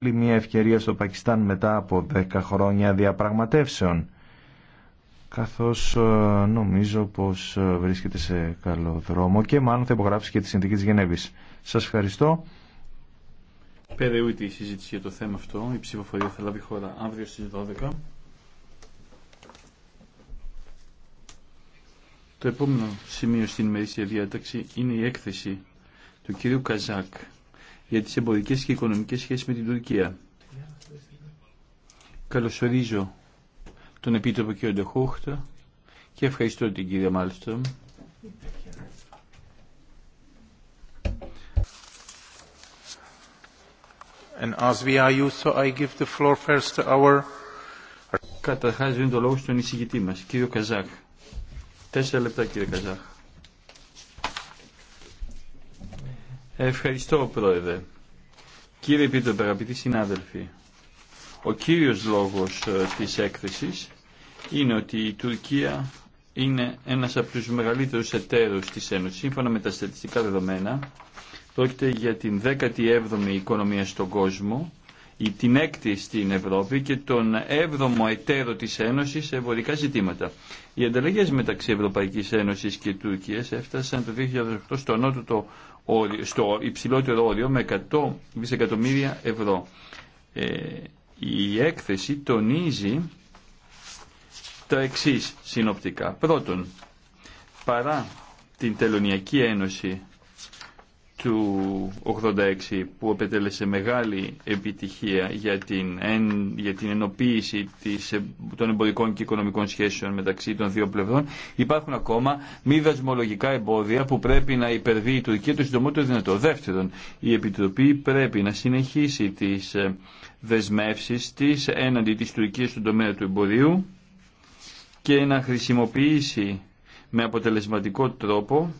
μια ευκαιρία στο Πακιστάν μετά από 10 χρόνια διαπραγματεύσεων καθώς ε, νομίζω πως ε, βρίσκεται σε καλό δρόμο και μάλλον θα υπογράψει και τη συνθήκη της Γενέβης. Σας ευχαριστώ. Περαιούτη η συζήτηση για το θέμα αυτό. Η ψηφοφορία θα λάβει χώρα αύριο στις 12. Το επόμενο σημείο στην ημερήσια διάταξη είναι η έκθεση του κυρίου Καζάκ για τις εμπορικές και οικονομικές σχέσεις με την Τουρκία. Καλωσορίζω τον Επίτροπο κ. Ντεχούχτα και ευχαριστώ την κυρία Μάλστρομ. And as we are used, Καταρχάς δίνω το λόγο στον εισηγητή μας, κύριο Καζάκ. Τέσσερα λεπτά κύριε Καζάκ. Ευχαριστώ, Πρόεδρε. Κύριε Επίτροπε, αγαπητοί συνάδελφοι, ο κύριος λόγος ε, της έκθεσης είναι ότι η Τουρκία είναι ένας από τους μεγαλύτερους εταίρους της Ένωσης. Σύμφωνα με τα στατιστικά δεδομένα, πρόκειται για την 17η οικονομία στον κόσμο, την έκτη στην Ευρώπη και τον 7ο εταίρο της Ένωσης σε εμπορικά ζητήματα. Οι ανταλλαγές μεταξύ Ευρωπαϊκής Ένωσης και Τουρκίας έφτασαν το 2008 στο το στο υψηλότερο όριο με 100 δισεκατομμύρια ευρώ. Ε, η έκθεση τονίζει τα εξής συνοπτικά. Πρώτον, παρά την Τελωνιακή Ένωση του 86 που επετέλεσε μεγάλη επιτυχία για την, για την ενοποίηση της, ε, των εμπορικών και οικονομικών σχέσεων μεταξύ των δύο πλευρών υπάρχουν ακόμα μη δασμολογικά εμπόδια που πρέπει να υπερβεί η Τουρκία το συντομότερο δυνατό. Δεύτερον, η Επιτροπή πρέπει να συνεχίσει τις ε, δεσμεύσεις της έναντι της Τουρκίας στον τομέα του εμπορίου και να χρησιμοποιήσει με αποτελεσματικό τρόπο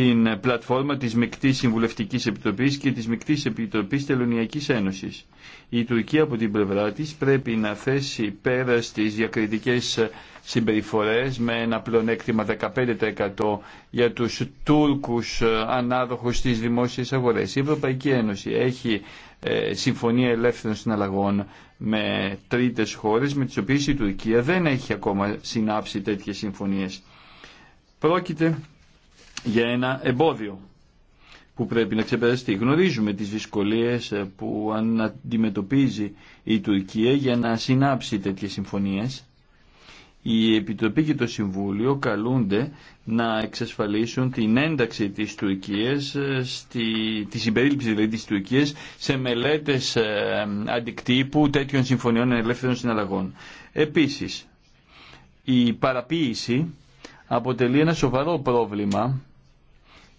την πλατφόρμα της Μεκτής Συμβουλευτικής Επιτροπής και της Μεκτής Επιτροπής Τελωνιακής Ένωσης. Η Τουρκία από την πλευρά της πρέπει να θέσει πέρα στις διακριτικές συμπεριφορές με ένα πλονέκτημα 15% για τους Τούρκους ανάδοχους στις δημόσιες αγορές. Η Ευρωπαϊκή Ένωση έχει ε, συμφωνία ελεύθερων συναλλαγών με τρίτες χώρες με τις οποίες η Τουρκία δεν έχει ακόμα συνάψει τέτοιες συμφωνίες. Πρόκειται για ένα εμπόδιο που πρέπει να ξεπεραστεί. Γνωρίζουμε τις δυσκολίες ε, που αντιμετωπίζει η Τουρκία για να συνάψει τέτοιες συμφωνίες. Η Επιτροπή και το Συμβούλιο καλούνται να εξασφαλίσουν την ένταξη της Τουρκίας, ε, στη, τη συμπερίληψη δηλαδή της Τουρκίας, σε μελέτες ε, αντικτύπου τέτοιων συμφωνιών ελεύθερων συναλλαγών. Επίσης, η παραποίηση αποτελεί ένα σοβαρό πρόβλημα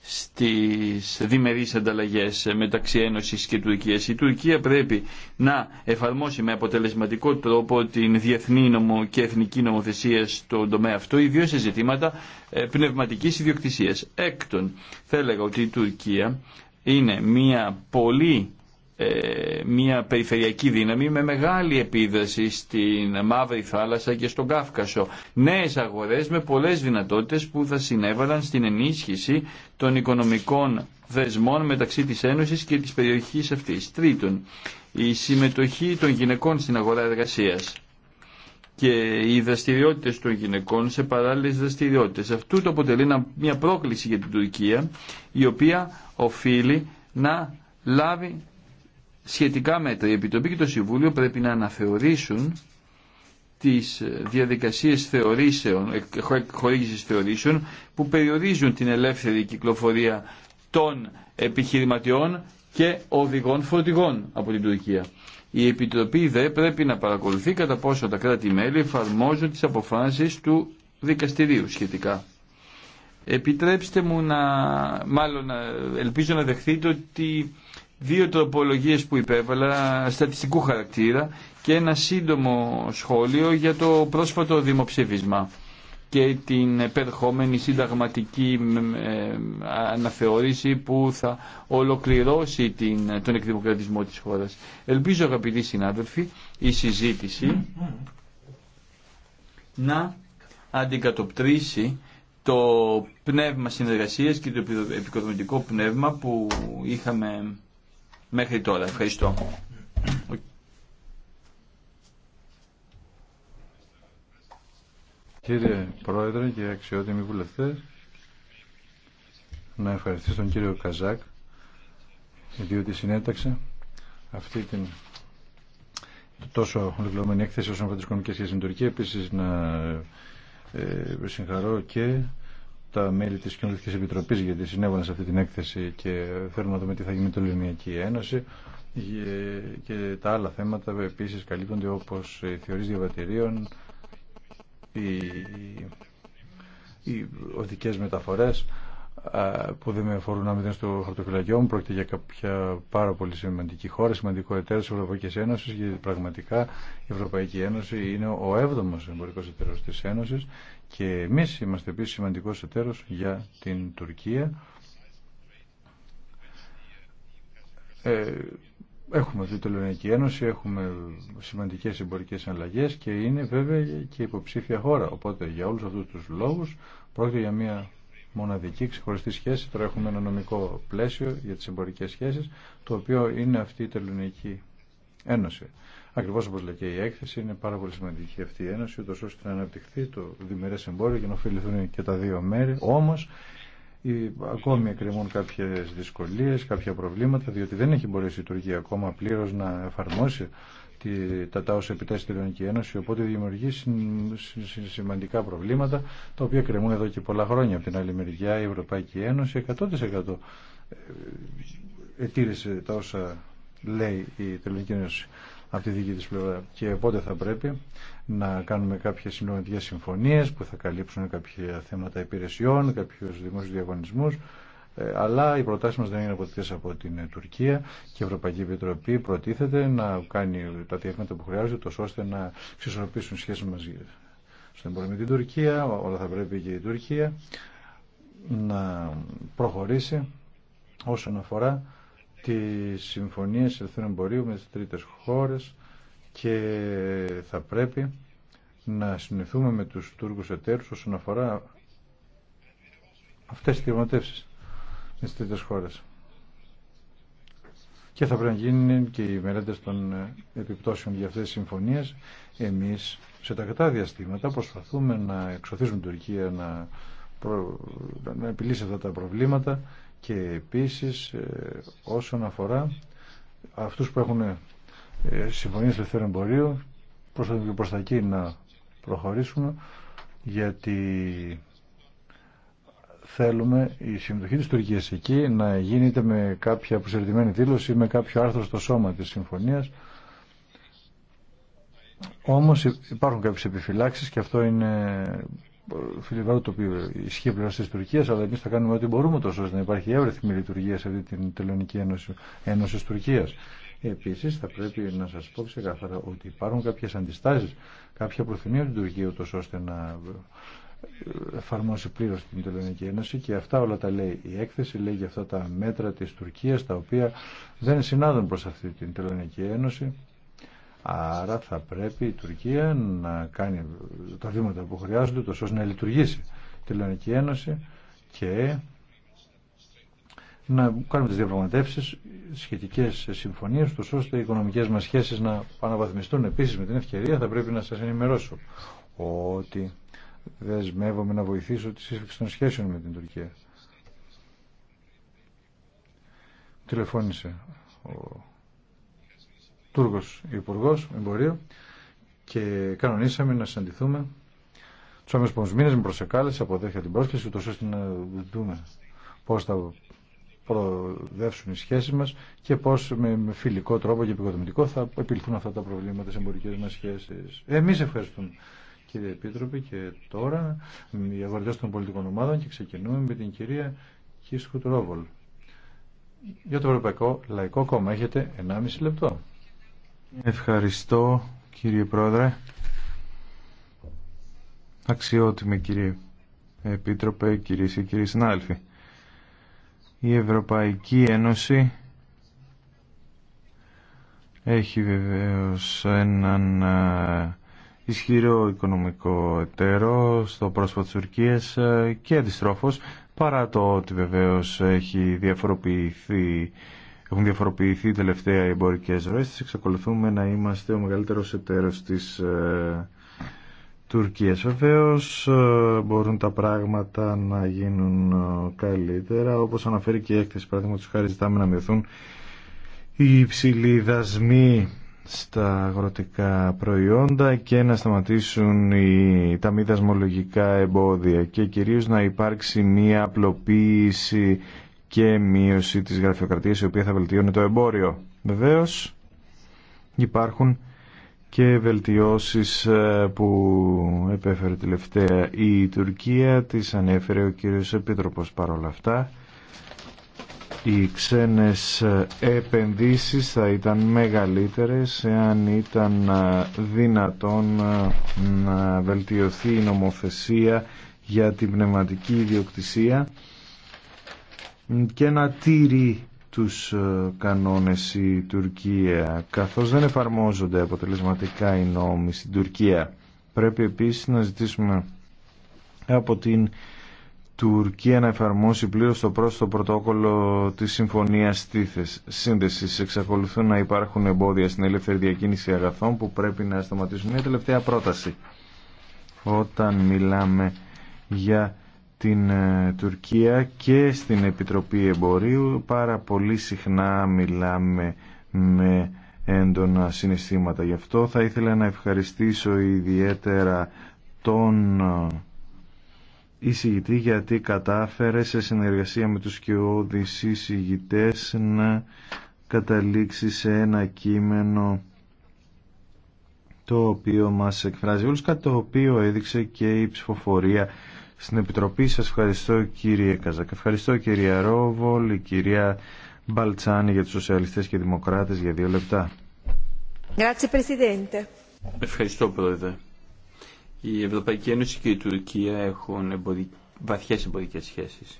στις διμερείς ανταλλαγές μεταξύ Ένωσης και Τουρκίας. Η Τουρκία πρέπει να εφαρμόσει με αποτελεσματικό τρόπο την διεθνή νομο και εθνική νομοθεσία στον τομέα αυτό, ιδίως σε ζητήματα ε, πνευματικής ιδιοκτησίας. Έκτον, θα έλεγα ότι η Τουρκία είναι μια πολύ ε, μια περιφερειακή δύναμη με μεγάλη επίδραση στην Μαύρη Θάλασσα και στον Κάφκασο. Νέες αγορές με πολλές δυνατότητες που θα συνέβαλαν στην ενίσχυση των οικονομικών δεσμών μεταξύ της Ένωσης και της περιοχής αυτής. Τρίτον, η συμμετοχή των γυναικών στην αγορά εργασίας και οι δραστηριότητε των γυναικών σε παράλληλε δραστηριότητε. Αυτό το αποτελεί μια πρόκληση για την Τουρκία, η οποία οφείλει να λάβει σχετικά μέτρα. Η Επιτροπή και το Συμβούλιο πρέπει να αναθεωρήσουν τις διαδικασίες θεωρήσεων, χορήγησης θεωρήσεων που περιορίζουν την ελεύθερη κυκλοφορία των επιχειρηματιών και οδηγών φορτηγών από την Τουρκία. Η Επιτροπή δε πρέπει να παρακολουθεί κατά πόσο τα κράτη-μέλη εφαρμόζουν τις αποφάσεις του δικαστηρίου σχετικά. Επιτρέψτε μου να, μάλλον ελπίζω να δεχθείτε ότι δύο τροπολογίες που υπέβαλα στατιστικού χαρακτήρα και ένα σύντομο σχόλιο για το πρόσφατο δημοψήφισμα και την επερχόμενη συνταγματική ε, αναθεώρηση που θα ολοκληρώσει την, τον εκδημοκρατισμό της χώρας. Ελπίζω αγαπητοί συνάδελφοι η συζήτηση να αντικατοπτρίσει το πνεύμα συνεργασίας και το επικοδομητικό πνεύμα που είχαμε μέχρι τώρα. Ευχαριστώ. Κύριε Πρόεδρε και αξιότιμοι βουλευτές, να ευχαριστήσω τον κύριο Καζάκ διότι συνέταξε αυτή την τόσο ολοκληρωμένη έκθεση όσον αφορά τις οικονομικές σχέσεις με την Τουρκία. Επίσης να ε, συγχαρώ και τα μέλη τη Κοινοβουλευτική επιτροπή γιατί συνέβαλαν σε αυτή την έκθεση και θέλουμε να δούμε τι θα γίνει με την Ελληνική Ένωση ε, και τα άλλα θέματα επίση καλύπτονται όπω οι θεωρίε διαβατηρίων, οι, οι οδικές μεταφορές που δεν με αφορούν άμυνα στο χαρτοφυλακιό μου. Πρόκειται για κάποια πάρα πολύ σημαντική χώρα, σημαντικό εταίρο τη Ευρωπαϊκή Ένωση γιατί πραγματικά η Ευρωπαϊκή Ένωση είναι ο έβδομο εμπορικό εταίρο τη Ένωση και εμεί είμαστε επίση σημαντικό εταίρο για την Τουρκία. Ε, Έχουμε την Ελληνική Ένωση, έχουμε σημαντικές εμπορικές αλλαγές και είναι βέβαια και υποψήφια χώρα. Οπότε για όλους αυτούς τους λόγους πρόκειται για μια μοναδική ξεχωριστή σχέση. Τώρα έχουμε ένα νομικό πλαίσιο για τις εμπορικές σχέσεις, το οποίο είναι αυτή η Τελωνική Ένωση. Ακριβώς όπως λέει και η έκθεση, είναι πάρα πολύ σημαντική αυτή η ένωση, ούτως ώστε να αναπτυχθεί το διμερές εμπόριο και να ωφεληθούν και τα δύο μέρη. Όμως, ή ακόμη εκκρεμούν κάποιες δυσκολίες, κάποια προβλήματα, διότι δεν έχει μπορέσει Τουρκία ακόμα πλήρως να εφαρμόσει τα τάους επιτάσεις στην Ελληνική Ένωση, οπότε δημιουργεί σημαντικά προβλήματα, τα οποία κρεμούν εδώ και πολλά χρόνια. Από την άλλη μεριά η Ευρωπαϊκή Ένωση 100% ε, ετήρησε τα όσα λέει η Ελληνική Ένωση από τη δική της πλευρά και οπότε θα πρέπει να κάνουμε κάποιες συνολικές συμφωνίες που θα καλύψουν κάποια θέματα υπηρεσιών, κάποιους δημόσιους διαγωνισμούς ε, αλλά οι προτάσει μα δεν είναι αποδεκτέ από την ε, Τουρκία και η Ευρωπαϊκή Επιτροπή προτίθεται να κάνει τα διεύματα που χρειάζεται τόσο ώστε να ξεσορροπήσουν σχέσεις μας στον εμπόριο με την Τουρκία, όλα θα πρέπει και η Τουρκία να προχωρήσει όσον αφορά τι συμφωνίε ελευθερών εμπορίου με τι τρίτε χώρε και θα πρέπει να συνηθούμε με τους Τούρκους εταίρους όσον αφορά αυτές τις δημοτεύσει στις τρίτες χώρες. Και θα πρέπει να γίνουν και οι μελέτε των ε, επιπτώσεων για αυτές τις συμφωνίες. Εμείς σε τακτά διαστήματα προσπαθούμε να εξωθήσουμε την Τουρκία να, προ... επιλύσει αυτά τα προβλήματα και επίσης ε, όσον αφορά αυτούς που έχουν ε, συμφωνίες ελευθερών εμπορίου προς τα εκεί να προχωρήσουμε γιατί θέλουμε η συμμετοχή της Τουρκίας εκεί να γίνεται με κάποια προσερτημένη δήλωση ή με κάποιο άρθρο στο σώμα της συμφωνίας. Όμως υπάρχουν κάποιες επιφυλάξεις και αυτό είναι φιλιβάρο το οποίο ισχύει πλέον τη Τουρκία, αλλά εμείς θα κάνουμε ό,τι μπορούμε τόσο ώστε να υπάρχει εύρεθμη λειτουργία σε αυτή την Τελωνική Ένωση, Ένωση Τουρκίας. Επίση, θα πρέπει να σα πω ξεκάθαρα ότι υπάρχουν κάποιε αντιστάσει, κάποια προθυμία του Τουρκία, ώστε να εφαρμόσει πλήρως την Τελωνική Ένωση και αυτά όλα τα λέει η έκθεση, λέει και αυτά τα μέτρα της Τουρκίας τα οποία δεν συνάδουν προς αυτή την Τελωνική Ένωση. Άρα θα πρέπει η Τουρκία να κάνει τα βήματα που χρειάζονται τόσο ώστε να λειτουργήσει η Τελωνική Ένωση και να κάνουμε τις διαπραγματεύσεις σχετικές συμφωνίες τους ώστε οι οικονομικές μας σχέσεις να αναβαθμιστούν επίσης με την ευκαιρία θα πρέπει να σας ενημερώσω ότι δεσμεύομαι να βοηθήσω τη σύσφυξη των σχέσεων με την Τουρκία. Τηλεφώνησε ο Τούρκος υπουργό Εμπορίου και κανονίσαμε να συναντηθούμε Του άμεσους μήνες με προσεκάλεσε, αποδέχεται την πρόσκληση, ούτως ώστε να δούμε πώς θα προοδεύσουν οι σχέσεις μας και πώς με φιλικό τρόπο και επικοδομητικό θα επιληθούν αυτά τα προβλήματα σε εμπορικέ μα σχέσει. Εμεί ευχαριστούμε κύριε Επίτροπε, και τώρα οι των πολιτικών ομάδων και ξεκινούμε με την κυρία Τρόβολ. Για το Ευρωπαϊκό Λαϊκό Κόμμα έχετε 1,5 λεπτό. Ευχαριστώ κύριε Πρόεδρε. Αξιότιμη κύριε Επίτροπε, κύριε και κύριοι συνάδελφοι. Η Ευρωπαϊκή Ένωση έχει βεβαίως έναν ε, ισχυρό οικονομικό εταίρο στο πρόσωπο της Τουρκίας ε, και αντιστρόφως παρά το ότι βεβαίως έχει διαφοροποιηθεί έχουν διαφοροποιηθεί τελευταία οι εμπορικές ροές της εξακολουθούμε να είμαστε ο μεγαλύτερος εταίρος της ε, Τουρκίας βεβαίως ε, μπορούν τα πράγματα να γίνουν καλύτερα όπως αναφέρει και η έκθεση παραδείγματος χάρη ζητάμε να μειωθούν οι υψηλοί δασμοί στα αγροτικά προϊόντα και να σταματήσουν οι, τα μη δασμολογικά εμπόδια και κυρίως να υπάρξει μία απλοποίηση και μείωση της γραφειοκρατίας η οποία θα βελτιώνει το εμπόριο. Βεβαίως υπάρχουν και βελτιώσεις ε, που επέφερε τελευταία η Τουρκία, τις ανέφερε ο κύριος Επίτροπος παρόλα αυτά οι ξένες επενδύσεις θα ήταν μεγαλύτερες εάν ήταν δυνατόν να βελτιωθεί η νομοθεσία για την πνευματική ιδιοκτησία και να τήρει τους κανόνες η Τουρκία καθώς δεν εφαρμόζονται αποτελεσματικά οι νόμοι στην Τουρκία. Πρέπει επίσης να ζητήσουμε από την Τουρκία να εφαρμόσει πλήρως το πρόσθετο πρωτόκολλο της Συμφωνίας Τήθες Σύνδεσης. Εξακολουθούν να υπάρχουν εμπόδια στην ελεύθερη διακίνηση αγαθών που πρέπει να σταματήσουν. Μια τελευταία πρόταση. Όταν μιλάμε για την ε, Τουρκία και στην Επιτροπή Εμπορίου πάρα πολύ συχνά μιλάμε με έντονα συναισθήματα. Γι' αυτό θα ήθελα να ευχαριστήσω ιδιαίτερα τον ε, εισηγητή γιατί κατάφερε σε συνεργασία με τους κοιόδης εισηγητές να καταλήξει σε ένα κείμενο το οποίο μας εκφράζει όλους, κάτι το οποίο έδειξε και η ψηφοφορία στην Επιτροπή. Σας ευχαριστώ κύριε Καζακ, ευχαριστώ κύριε Ρόβολ, η κυρία Μπαλτσάνη για τους Σοσιαλιστές και Δημοκράτες για δύο λεπτά. Ευχαριστώ πρόεδρε. Η Ευρωπαϊκή Ένωση και η Τουρκία έχουν εμποδι... βαθιές εμπορικές σχέσεις.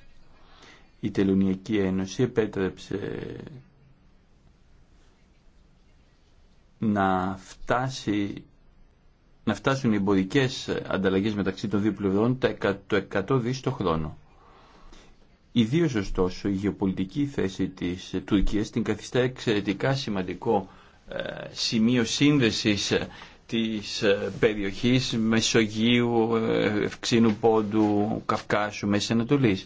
Η Τελωνιακή Ένωση επέτρεψε να, φτάσει, να φτάσουν οι εμπορικέ ανταλλαγές μεταξύ των δύο πλευρών το 100 δις το χρόνο. Ιδίως ωστόσο η γεωπολιτική θέση της Τουρκίας την καθιστά εξαιρετικά σημαντικό ε, σημείο σύνδεσης της ε, περιοχής Μεσογείου, ε, Ευξήνου Πόντου, Καυκάσου, Μέση Ανατολής.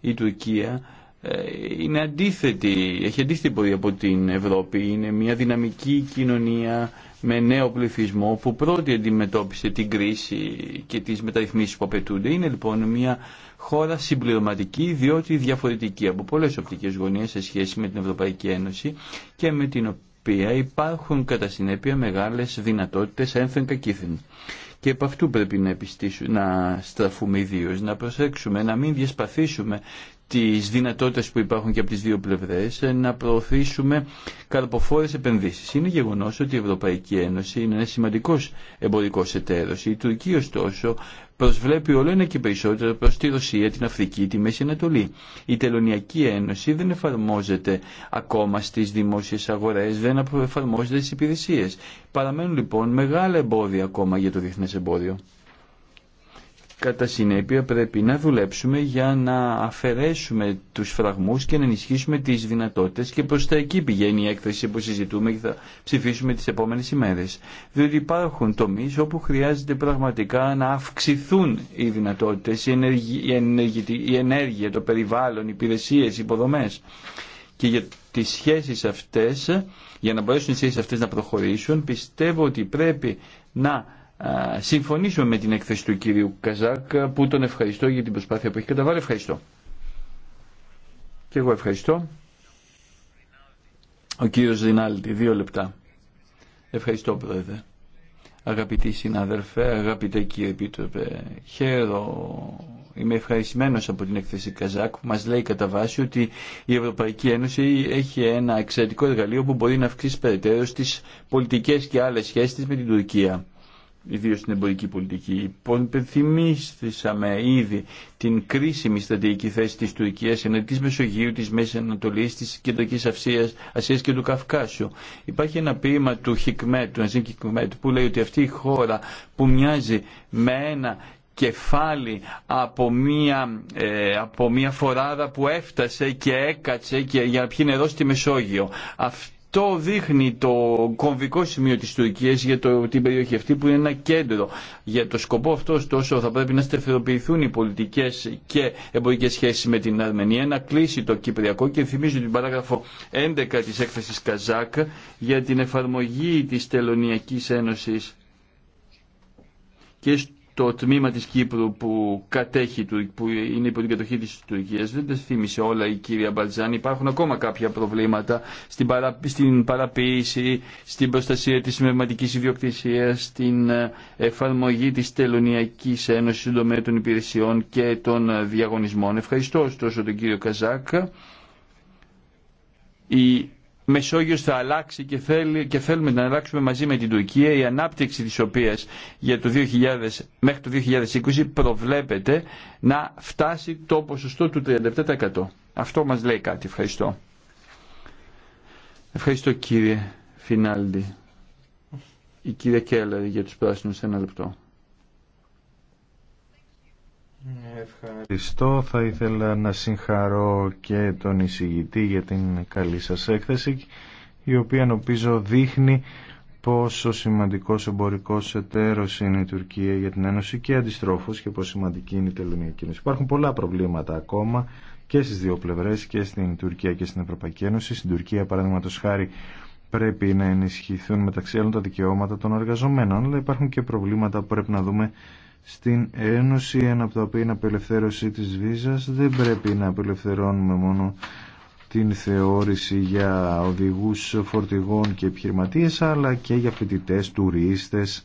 Η Τουρκία ε, είναι αντίθετη, έχει αντίθετη πορεία από την Ευρώπη. Είναι μια δυναμική κοινωνία με νέο πληθυσμό που πρώτη αντιμετώπισε την κρίση και τις μεταρρυθμίσεις που απαιτούνται. Είναι λοιπόν μια χώρα συμπληρωματική διότι διαφορετική από πολλές οπτικές γωνίες σε σχέση με την Ευρωπαϊκή Ένωση και με την οποία οποία υπάρχουν κατά συνέπεια μεγάλες δυνατότητες ένθεν κακήθεν. Και από αυτού πρέπει να, να στραφούμε ιδίω, να προσέξουμε, να μην διασπαθήσουμε τις δυνατότητες που υπάρχουν και από τις δύο πλευρές, να προωθήσουμε καρποφόρες επενδύσεις. Είναι γεγονός ότι η Ευρωπαϊκή Ένωση είναι ένα σημαντικός εμπορικός εταίρος. Η Τουρκία, ωστόσο, προσβλέπει όλο ένα και περισσότερο προς τη Ρωσία, την Αφρική, τη Μέση Ανατολή. Η Τελωνιακή Ένωση δεν εφαρμόζεται ακόμα στις δημόσιες αγορές, δεν εφαρμόζεται στις υπηρεσίες. Παραμένουν λοιπόν μεγάλα εμπόδια ακόμα για το διεθνές εμπόδιο. Κατά συνέπεια πρέπει να δουλέψουμε για να αφαιρέσουμε τους φραγμούς και να ενισχύσουμε τις δυνατότητες και προς τα εκεί πηγαίνει η έκθεση που συζητούμε και θα ψηφίσουμε τις επόμενες ημέρες. Διότι υπάρχουν τομείς όπου χρειάζεται πραγματικά να αυξηθούν οι δυνατότητες, η, ενέργεια, το περιβάλλον, οι υπηρεσίες, οι υποδομές. Και για τις σχέσεις αυτές, για να μπορέσουν οι σχέσεις αυτές να προχωρήσουν, πιστεύω ότι πρέπει να συμφωνήσουμε με την έκθεση του κυρίου Καζάκ που τον ευχαριστώ για την προσπάθεια που έχει καταβάλει. Ευχαριστώ. Και εγώ ευχαριστώ. Ο κύριος Ρινάλτη, δύο λεπτά. Ευχαριστώ πρόεδρε. Αγαπητοί συνάδελφε, αγαπητέ κύριε επίτροπε, χαίρο είμαι ευχαριστημένος από την έκθεση Καζάκ που μας λέει κατά βάση ότι η Ευρωπαϊκή Ένωση έχει ένα εξαιρετικό εργαλείο που μπορεί να αυξήσει περαιτέρω στις πολιτικές και άλλες σχέσεις με την Τουρκία. Ιδίω στην εμπορική πολιτική. Υπενθυμίσαμε ήδη την κρίσιμη στρατηγική θέση τη Τουρκία εναντί τη Μεσογείου, τη Μέση Ανατολή, τη Κεντρική Ασία και του Καυκάσιου. Υπάρχει ένα ποίημα του Χικμέτ, του Αζίν Χικμέτ, που λέει ότι αυτή η χώρα που μοιάζει με ένα κεφάλι από μία, ε, από μία φοράδα που έφτασε και έκατσε και για να πιει νερό στη Μεσόγειο. Αυτή το δείχνει το κομβικό σημείο της Τουρκίας για το, την περιοχή αυτή που είναι ένα κέντρο. Για το σκοπό αυτό ωστόσο θα πρέπει να στεφεροποιηθούν οι πολιτικές και εμπορικές σχέσεις με την Αρμενία, να κλείσει το Κυπριακό και θυμίζω την παράγραφο 11 της έκθεσης Καζάκ για την εφαρμογή της Τελωνιακής Ένωσης και το τμήμα της Κύπρου που κατέχει, που είναι υπό την κατοχή της Τουρκίας, δεν τα θύμισε όλα η κυρία Μπαλτζάνη. Υπάρχουν ακόμα κάποια προβλήματα στην, παρα, στην παραποίηση, στην προστασία της πνευματικής ιδιοκτησίας, στην ε, εφαρμογή της Τελωνιακής Ένωσης των τομέα των υπηρεσιών και των ε, διαγωνισμών. Ευχαριστώ ωστόσο τον κύριο Καζάκ. Η Μεσόγειο θα αλλάξει και, θέλει, και θέλουμε να αλλάξουμε μαζί με την Τουρκία η ανάπτυξη της οποίας για το 2000, μέχρι το 2020 προβλέπεται να φτάσει το ποσοστό του 37%. Αυτό μας λέει κάτι. Ευχαριστώ. Ευχαριστώ κύριε Φινάλντι. Η κυρία Κέλλαρη για τους πράσινους ένα λεπτό. Ευχαριστώ. Θα ήθελα να συγχαρώ και τον εισηγητή για την καλή σας έκθεση, η οποία νομίζω δείχνει πόσο σημαντικός εμπορικός εταίρος είναι η Τουρκία για την Ένωση και αντιστρόφως και πόσο σημαντική είναι η Τελωνιακή Ένωση. Υπάρχουν πολλά προβλήματα ακόμα και στις δύο πλευρές και στην Τουρκία και στην Ευρωπαϊκή Ένωση. Στην Τουρκία παραδείγματο χάρη πρέπει να ενισχυθούν μεταξύ άλλων τα δικαιώματα των εργαζομένων, αλλά υπάρχουν και προβλήματα που πρέπει να δούμε στην Ένωση, ένα από τα οποία είναι απελευθέρωση της βίζας. Δεν πρέπει να απελευθερώνουμε μόνο την θεώρηση για οδηγούς φορτηγών και επιχειρηματίες, αλλά και για φοιτητές, τουρίστες,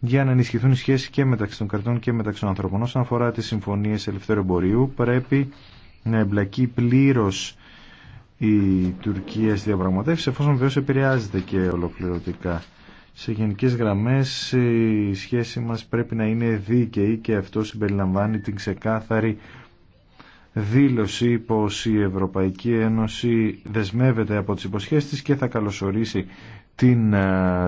για να ενισχυθούν οι σχέσεις και μεταξύ των κρατών και μεταξύ των ανθρώπων. Όσον αφορά τις συμφωνίες ελευθέρω εμπορίου, πρέπει να εμπλακεί πλήρω η Τουρκία στη διαπραγματεύση, εφόσον βεβαίως επηρεάζεται και ολοκληρωτικά. Σε γενικές γραμμές η σχέση μας πρέπει να είναι δίκαιη και αυτό συμπεριλαμβάνει την ξεκάθαρη δήλωση πως η Ευρωπαϊκή Ένωση δεσμεύεται από τις υποσχέσεις της και θα καλωσορίσει την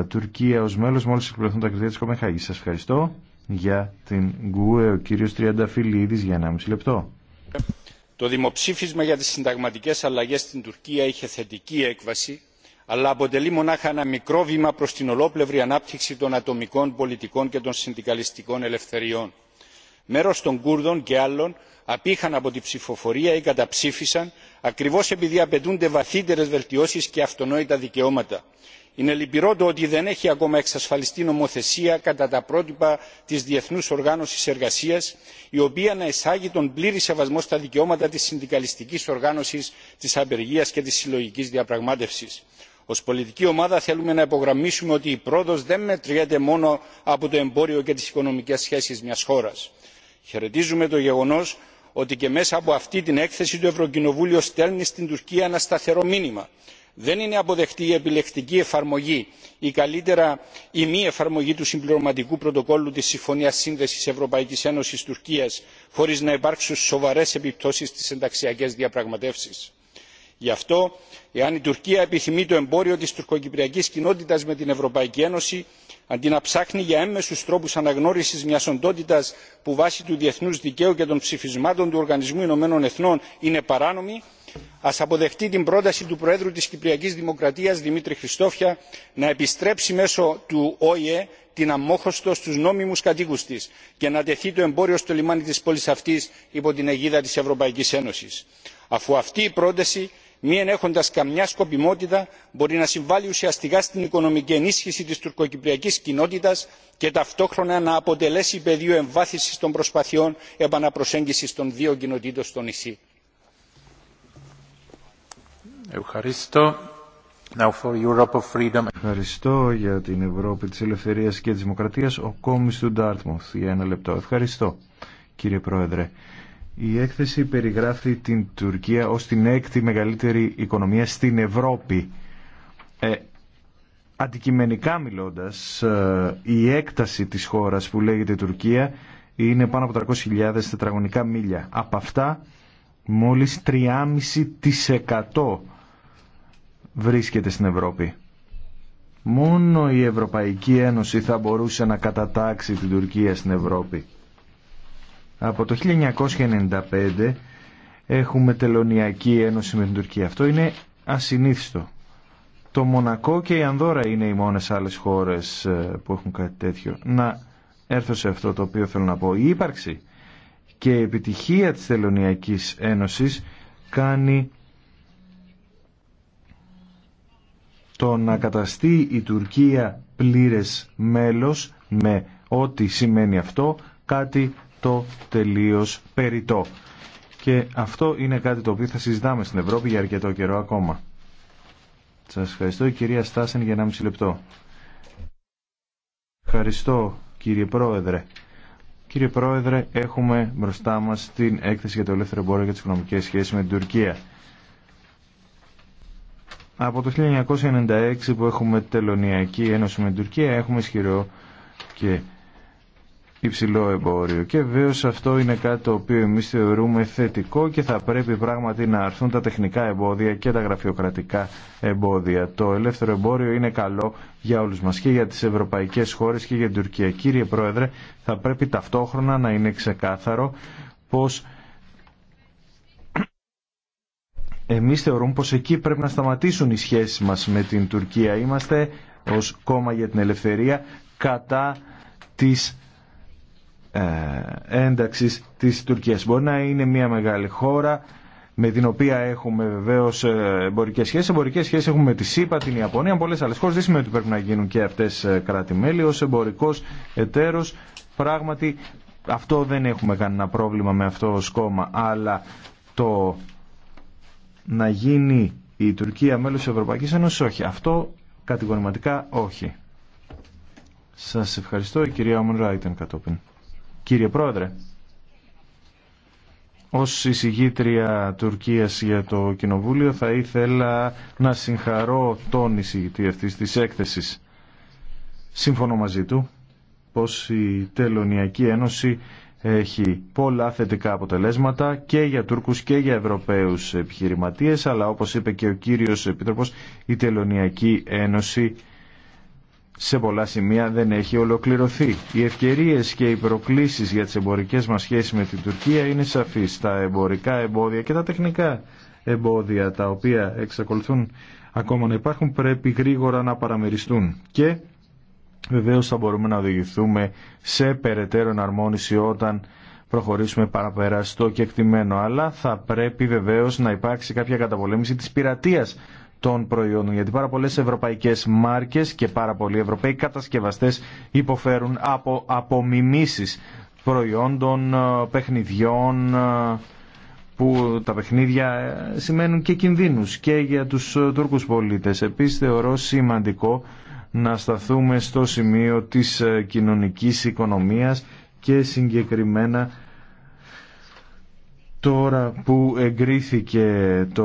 Τουρκία ως μέλος μόλις εκπληρωθούν τα κριτήρια της Κομεχάγης. Σας ευχαριστώ για την ΓΚΟΕ ο κύριος Τριανταφυλλίδης για 1,5 λεπτό. Το δημοψήφισμα για τις συνταγματικές αλλαγές στην Τουρκία είχε θετική έκβαση αλλά αποτελεί μονάχα ένα μικρό βήμα προ την ολόπλευρη ανάπτυξη των ατομικών πολιτικών και των συνδικαλιστικών ελευθεριών. Μέρο των κούρδων και άλλων απήχαν από την ψηφοφορία ή καταψήφισαν ακριβώς επειδή απαιτούνται βαθύτερες βελτιώσεις και αυτονόητα δικαιώματα. είναι λυπηρό το ότι δεν έχει ακόμα εξασφαλιστεί νομοθεσία κατά τα πρότυπα της διεθνούς οργάνωσης εργασίας η καταψηφισαν ακριβω επειδη απαιτουνται βαθυτερε βελτιωσει εισάγει τον πλήρη σεβασμό στα δικαιώματα τη διεθνου οργανωση εργασια η οποια να οργάνωσης τη απεργία και τη συλλογική διαπραγματεύση ω πολιτική ομάδα θέλουμε να υπογραμμίσουμε ότι η πρόοδο δεν μετριέται μόνο από το εμπόριο και τι οικονομικέ σχέσει μια χώρα. χαιρετίζουμε το γεγονό ότι και μέσα από αυτή την έκθεση το ευρωκοινοβούλιο στέλνει στην τουρκία ένα σταθερό μήνυμα δεν είναι αποδεκτή η επιλεκτική εφαρμογή ή καλύτερα η μη εφαρμογή του συμπληρωματικού πρωτοκόλλου της συμφωνίας σύνδεσης ευρωπαϊκής ένωσης τουρκίας χωρίς να υπάρξουν σοβαρέ επιπτώσει στι ενταξιακέ διαπραγματεύσεις γι' αυτό εάν η τουρκία επιθυμεί το εμπόριο της τουρκοκυπριακής κοινότητας με την ευρωπαϊκή ένωση αντί να ψάχνει για έμμεσους τρόπους αναγνώρισης μιας οντότητας που βάσει του διεθνούς δικαίου και των ψηφισμάτων του οργανισμού ηνωμένων εθνών είναι παράνομη ας αποδεχτεί την πρόταση του προέδρου της κυπριακής δημοκρατίας δημήτρη χριστόφια να επιστρέψει μέσω του οηε την αμόχωστο στους νόμιμους κατοίκους της και να τεθεί το εμπόριο στο λιμάνι της πόλης αυτής υπό την αιγίδα της ευρωπαϊκής ένωσης. αφού αυτή η πρόταση μη ενέχοντα καμιά σκοπιμότητα μπορεί να συμβάλλει ουσιαστικά στην οικονομική ενίσχυση τη τουρκοκυπριακής κοινότητα και ταυτόχρονα να αποτελέσει πεδίο εμβάθυνση των προσπαθειών επαναπροσέγγιση των δύο κοινοτήτων στο νησί. Ευχαριστώ. για την Ευρώπη της Ελευθερίας και της δημοκρατία ο για ένα λεπτό. Ευχαριστώ, κύριε Πρόεδρε. Η έκθεση περιγράφει την Τουρκία ως την έκτη μεγαλύτερη οικονομία στην Ευρώπη. Ε, αντικειμενικά μιλώντας, ε, η έκταση της χώρας που λέγεται Τουρκία είναι πάνω από 300.000 τετραγωνικά μίλια. Από αυτά, μόλις 3,5% βρίσκεται στην Ευρώπη. Μόνο η Ευρωπαϊκή Ένωση θα μπορούσε να κατατάξει την Τουρκία στην Ευρώπη. Από το 1995 έχουμε τελωνιακή ένωση με την Τουρκία. Αυτό είναι ασυνήθιστο. Το Μονακό και η Ανδόρα είναι οι μόνες άλλες χώρες ε, που έχουν κάτι τέτοιο. Να έρθω σε αυτό το οποίο θέλω να πω. Η ύπαρξη και η επιτυχία της Τελωνιακής Ένωσης κάνει το να καταστεί η Τουρκία πλήρες μέλος με ό,τι σημαίνει αυτό κάτι το τελείως περιττό Και αυτό είναι κάτι το οποίο θα συζητάμε στην Ευρώπη για αρκετό καιρό ακόμα. Σας ευχαριστώ η κυρία Στάσεν για μισή λεπτό. Ευχαριστώ κύριε Πρόεδρε. Κύριε Πρόεδρε, έχουμε μπροστά μας την έκθεση για το ελεύθερο εμπόριο και τις οικονομικές σχέσεις με την Τουρκία. Από το 1996 που έχουμε τελωνιακή ένωση με την Τουρκία έχουμε ισχυρό και υψηλό εμπόριο. Και βεβαίω αυτό είναι κάτι το οποίο εμείς θεωρούμε θετικό και θα πρέπει πράγματι να αρθούν τα τεχνικά εμπόδια και τα γραφειοκρατικά εμπόδια. Το ελεύθερο εμπόριο είναι καλό για όλους μας και για τις ευρωπαϊκές χώρες και για την Τουρκία. Κύριε Πρόεδρε, θα πρέπει ταυτόχρονα να είναι ξεκάθαρο πω εμείς θεωρούμε πως εκεί πρέπει να σταματήσουν οι σχέσεις μας με την Τουρκία. Είμαστε ως κόμμα για την ελευθερία κατά της ε, ένταξης της Τουρκίας. Μπορεί να είναι μια μεγάλη χώρα με την οποία έχουμε βεβαίω ε, εμπορικέ σχέσει. Εμπορικέ σχέσει έχουμε με τη ΣΥΠΑ, την Ιαπωνία, πολλέ άλλε χώρε. Δεν σημαίνει ότι πρέπει να γίνουν και αυτέ ε, κράτη-μέλη. Ω εμπορικό εταίρο, πράγματι αυτό δεν έχουμε κανένα πρόβλημα με αυτό ω κόμμα. Αλλά το να γίνει η Τουρκία μέλο τη Ευρωπαϊκή Ένωση, όχι. Αυτό κατηγορηματικά όχι. Σα ευχαριστώ, η κυρία Ομουν κατόπιν. Κύριε Πρόεδρε, ως εισηγήτρια Τουρκίας για το Κοινοβούλιο θα ήθελα να συγχαρώ τον εισηγητή αυτή της έκθεσης. Σύμφωνο μαζί του πως η Τελωνιακή Ένωση έχει πολλά θετικά αποτελέσματα και για Τούρκους και για Ευρωπαίους επιχειρηματίες αλλά όπως είπε και ο κύριος Επίτροπος η Τελωνιακή Ένωση σε πολλά σημεία δεν έχει ολοκληρωθεί. Οι ευκαιρίε και οι προκλήσεις για τις εμπορικές μας σχέσεις με την Τουρκία είναι σαφείς. Τα εμπορικά εμπόδια και τα τεχνικά εμπόδια τα οποία εξακολουθούν ακόμα να υπάρχουν πρέπει γρήγορα να παραμεριστούν και βεβαίως θα μπορούμε να οδηγηθούμε σε περαιτέρω εναρμόνιση όταν προχωρήσουμε παραπεραστό και εκτιμένο. αλλά θα πρέπει βεβαίως να υπάρξει κάποια καταπολέμηση της πειρατείας των προϊόντων. Γιατί πάρα πολλέ ευρωπαϊκές μάρκες και πάρα πολλοί ευρωπαίοι κατασκευαστές υποφέρουν από απομιμήσεις προϊόντων, ε, παιχνιδιών, ε, που τα παιχνίδια ε, σημαίνουν και κινδύνους και για τους Τούρκους πολίτες. Επίσης θεωρώ σημαντικό να σταθούμε στο σημείο της κοινωνικής οικονομίας και συγκεκριμένα τώρα που εγκρίθηκε το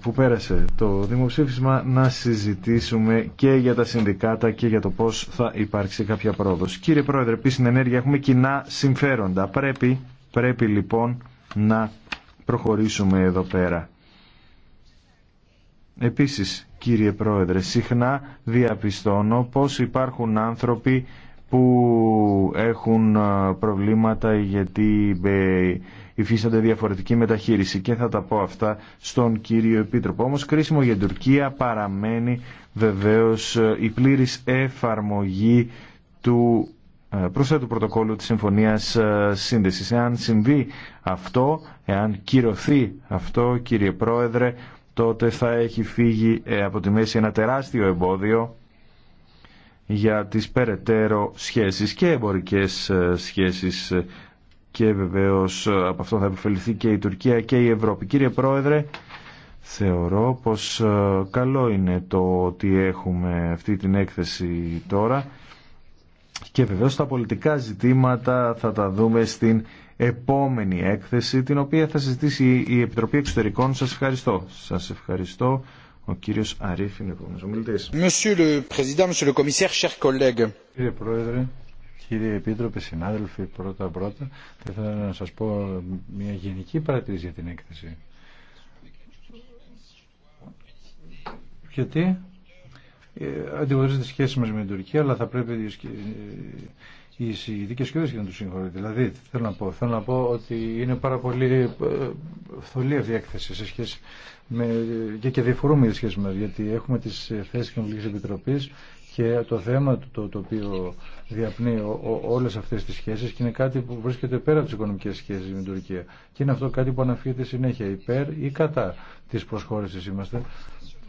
που πέρασε το δημοψήφισμα να συζητήσουμε και για τα συνδικάτα και για το πώς θα υπάρξει κάποια πρόοδος. Κύριε Πρόεδρε, επίσης στην ενέργεια έχουμε κοινά συμφέροντα. Πρέπει, πρέπει λοιπόν να προχωρήσουμε εδώ πέρα. Επίσης, κύριε Πρόεδρε, συχνά διαπιστώνω πως υπάρχουν άνθρωποι που έχουν προβλήματα γιατί ε, υφίστανται διαφορετική μεταχείριση και θα τα πω αυτά στον κύριο Επίτροπο. Όμως κρίσιμο για την Τουρκία παραμένει βεβαίως ε, η πλήρης εφαρμογή του ε, προσθέτου πρωτοκόλλου της Συμφωνίας Σύνδεσης. Εάν συμβεί αυτό, εάν κυρωθεί αυτό κύριε Πρόεδρε, τότε θα έχει φύγει από τη μέση ένα τεράστιο εμπόδιο για τις περαιτέρω σχέσεις και εμπορικές ε, σχέσεις ε, και βεβαίως ε, από αυτό θα επωφεληθεί και η Τουρκία και η Ευρώπη. Κύριε Πρόεδρε, θεωρώ πως καλό είναι το ότι έχουμε αυτή την έκθεση τώρα και βεβαίως τα πολιτικά ζητήματα θα τα δούμε στην επόμενη έκθεση την οποία θα συζητήσει η Επιτροπή Εξωτερικών. Σας ευχαριστώ. Σας ευχαριστώ. Ο κύριος Αρίφ είναι επόμενος ομιλητής. Κύριε Πρόεδρε, κύριε Επίτροπε, συνάδελφοι, πρώτα-πρώτα, θα ήθελα να σας πω μια γενική παρατήρηση για την έκθεση. Γιατί ε, τις σχέση μας με την Τουρκία, αλλά θα πρέπει ε, οι ειδικέ και σκιώδες και να του συγχωρείτε. Δηλαδή, θέλω να πω, θέλω να πω ότι είναι πάρα πολύ ε, θολή αυτή η έκθεση σε σχέση με, και, και διαφορούμε οι σχέσει μα, γιατί έχουμε τι θέσει τη Κοινοβουλική Επιτροπή και το θέμα το, το οποίο διαπνεί όλε αυτέ τι σχέσει και είναι κάτι που βρίσκεται πέρα από τι οικονομικέ σχέσει με την Τουρκία. Και είναι αυτό κάτι που αναφύγεται συνέχεια υπέρ ή κατά τη προσχώρηση είμαστε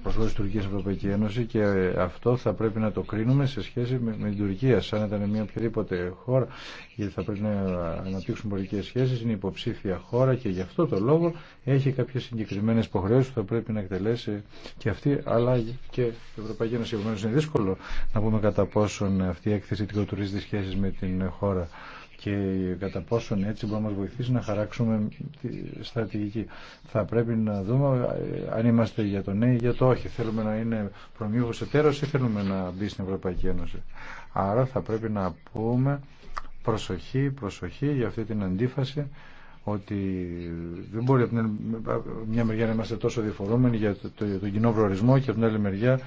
προσφόρηση της Τουρκίας Ευρωπαϊκή Ένωση και αυτό θα πρέπει να το κρίνουμε σε σχέση με, την Τουρκία. Σαν ήταν μια οποιαδήποτε χώρα, γιατί θα πρέπει να αναπτύξουν πολιτικέ σχέσει, είναι υποψήφια χώρα και γι' αυτό το λόγο έχει κάποιε συγκεκριμένε υποχρεώσει που θα πρέπει να εκτελέσει και αυτή, αλλά και η Ευρωπαϊκή Ένωση. Επομένω, είναι δύσκολο να πούμε κατά πόσον αυτή η έκθεση δικοτουρίζει τι σχέσει με την χώρα και κατά πόσον έτσι μπορεί να μας βοηθήσει να χαράξουμε τη στρατηγική. Θα πρέπει να δούμε ε, αν είμαστε για το ναι ή για το όχι. Θέλουμε να είναι προμήγο εταίρος ή θέλουμε να μπει στην Ευρωπαϊκή Ένωση. Άρα θα πρέπει να πούμε προσοχή, προσοχή για αυτή την αντίφαση ότι δεν μπορεί από μια μεριά να είμαστε τόσο διαφορούμενοι για τον κοινό προορισμό και από την άλλη μεριά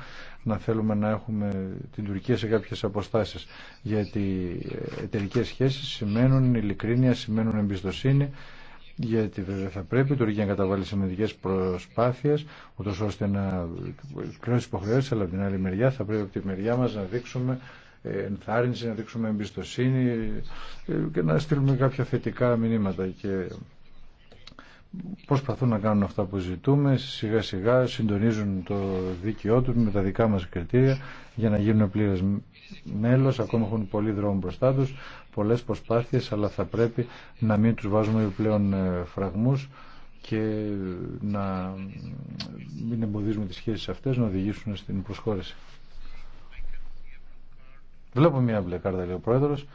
να θέλουμε να έχουμε την Τουρκία σε κάποιες αποστάσεις γιατί εταιρικέ σχέσεις σημαίνουν ειλικρίνεια, σημαίνουν εμπιστοσύνη γιατί βέβαια θα πρέπει η Τουρκία να καταβάλει σημαντικέ προσπάθειε, ούτω ώστε να τι υποχρεώσει, αλλά από την άλλη μεριά θα πρέπει από τη μεριά μα να δείξουμε ενθάρρυνση, να δείξουμε εμπιστοσύνη ε, και να στείλουμε κάποια θετικά μηνύματα. Και προσπαθούν να κάνουν αυτά που ζητούμε, σιγά σιγά συντονίζουν το δίκαιό του με τα δικά μας κριτήρια για να γίνουν πλήρες μέλος, ακόμα έχουν πολύ δρόμο μπροστά τους, πολλές προσπάθειες, αλλά θα πρέπει να μην τους βάζουμε πλέον ε, φραγμούς και να μην εμποδίζουμε τις σχέσεις αυτές να οδηγήσουν στην προσχώρηση. Βλέπω μία μπλε κάρτα, λέει ο Πρόεδρος.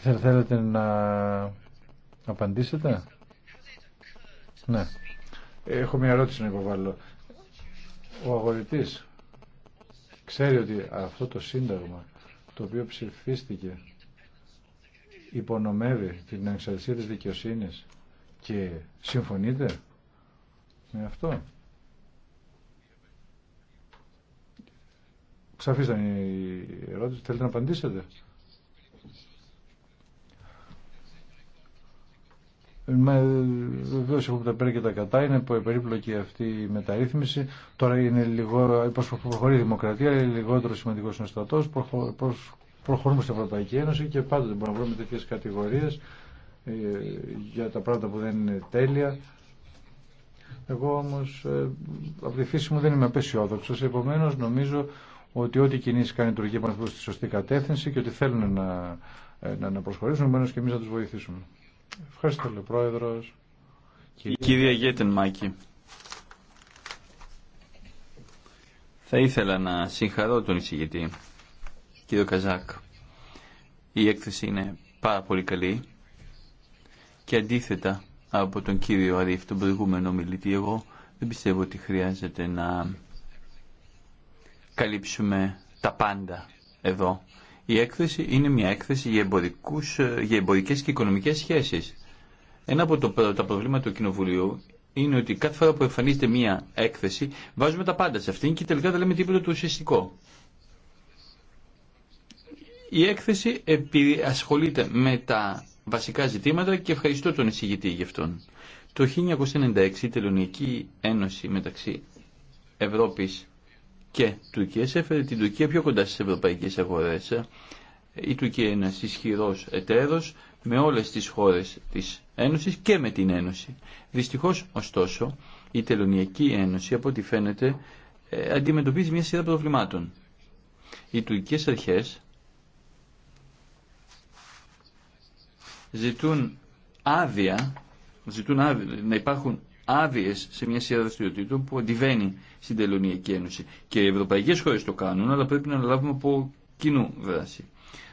Θέλετε να απαντήσετε. Ναι. Έχω μια ερώτηση να υποβάλω. Ο αγορητής ξέρει ότι αυτό το σύνταγμα το οποίο ψηφίστηκε υπονομεύει την ανεξαρτησία της δικαιοσύνης και συμφωνείτε με αυτό. Ξαφίσταν η ερώτηση. Θέλετε να απαντήσετε. Βεβαίω έχουμε τα πέρα και τα κατά, είναι περίπλοκη αυτή η μεταρρύθμιση. Τώρα είναι λιγότερο, προχωρεί η δημοκρατία, είναι λιγότερο σημαντικό ο στρατό. Προχωρούμε στην Ευρωπαϊκή Ένωση και πάντοτε μπορούμε να βρούμε τέτοιε κατηγορίε ε, για τα πράγματα που δεν είναι τέλεια. Εγώ όμω ε, από τη φύση μου δεν είμαι απεσιόδοξο. Επομένω νομίζω ότι ό,τι κινήσει κάνει η Τουρκία μα σωστή κατεύθυνση και ότι θέλουν να, ε, να, να προσχωρήσουν, επομένω και εμεί να του βοηθήσουμε. Ευχαριστώ, λέει Πρόεδρο. Κυρία, Κύριε Γέτεν Μάκη. Θα ήθελα να συγχαρώ τον εισηγητή, κύριο Καζάκ. Η έκθεση είναι πάρα πολύ καλή και αντίθετα από τον κύριο Αρίφ, τον προηγούμενο μιλητή, εγώ δεν πιστεύω ότι χρειάζεται να καλύψουμε τα πάντα εδώ. Η έκθεση είναι μια έκθεση για, εμπορικούς, ε, για εμπορικές και οικονομικές σχέσεις. Ένα από το, τα προβλήματα του Κοινοβουλίου είναι ότι κάθε φορά που εμφανίζεται μια έκθεση βάζουμε τα πάντα σε αυτήν και τελικά δεν λέμε τίποτα το ουσιαστικό. Η έκθεση ασχολείται με τα βασικά ζητήματα και ευχαριστώ τον εισηγητή γι' αυτόν. Το 1996 η Τελωνική Ένωση μεταξύ Ευρώπης και Τουρκία έφερε την Τουρκία πιο κοντά στις ευρωπαϊκές αγορές. Η Τουρκία είναι ένας ισχυρός εταίρος με όλες τις χώρες της Ένωσης και με την Ένωση. Δυστυχώς, ωστόσο, η Τελωνιακή Ένωση, από ό,τι φαίνεται, ε, αντιμετωπίζει μια σειρά προβλημάτων. Οι τουρκικές αρχές ζητούν άδεια, ζητούν άδεια να υπάρχουν άδειε σε μια σειρά δραστηριοτήτων που αντιβαίνει στην Τελωνιακή Ένωση. Και οι ευρωπαϊκέ χώρε το κάνουν, αλλά πρέπει να αναλάβουμε από κοινού δράση.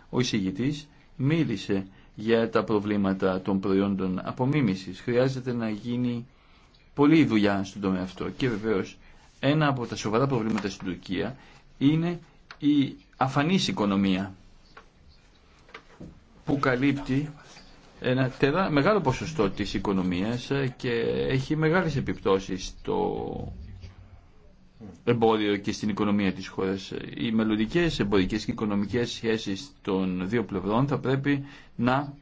Ο εισηγητή μίλησε για τα προβλήματα των προϊόντων απομίμηση. Χρειάζεται να γίνει πολλή δουλειά στον τομέα αυτό. Και βεβαίω ένα από τα σοβαρά προβλήματα στην Τουρκία είναι η αφανής οικονομία που καλύπτει ένα τερά, μεγάλο ποσοστό της οικονομίας ε, και έχει μεγάλες επιπτώσεις στο εμπόριο και στην οικονομία της χώρας. Οι μελλοντικέ εμπορικές και οικονομικές σχέσεις των δύο πλευρών θα πρέπει να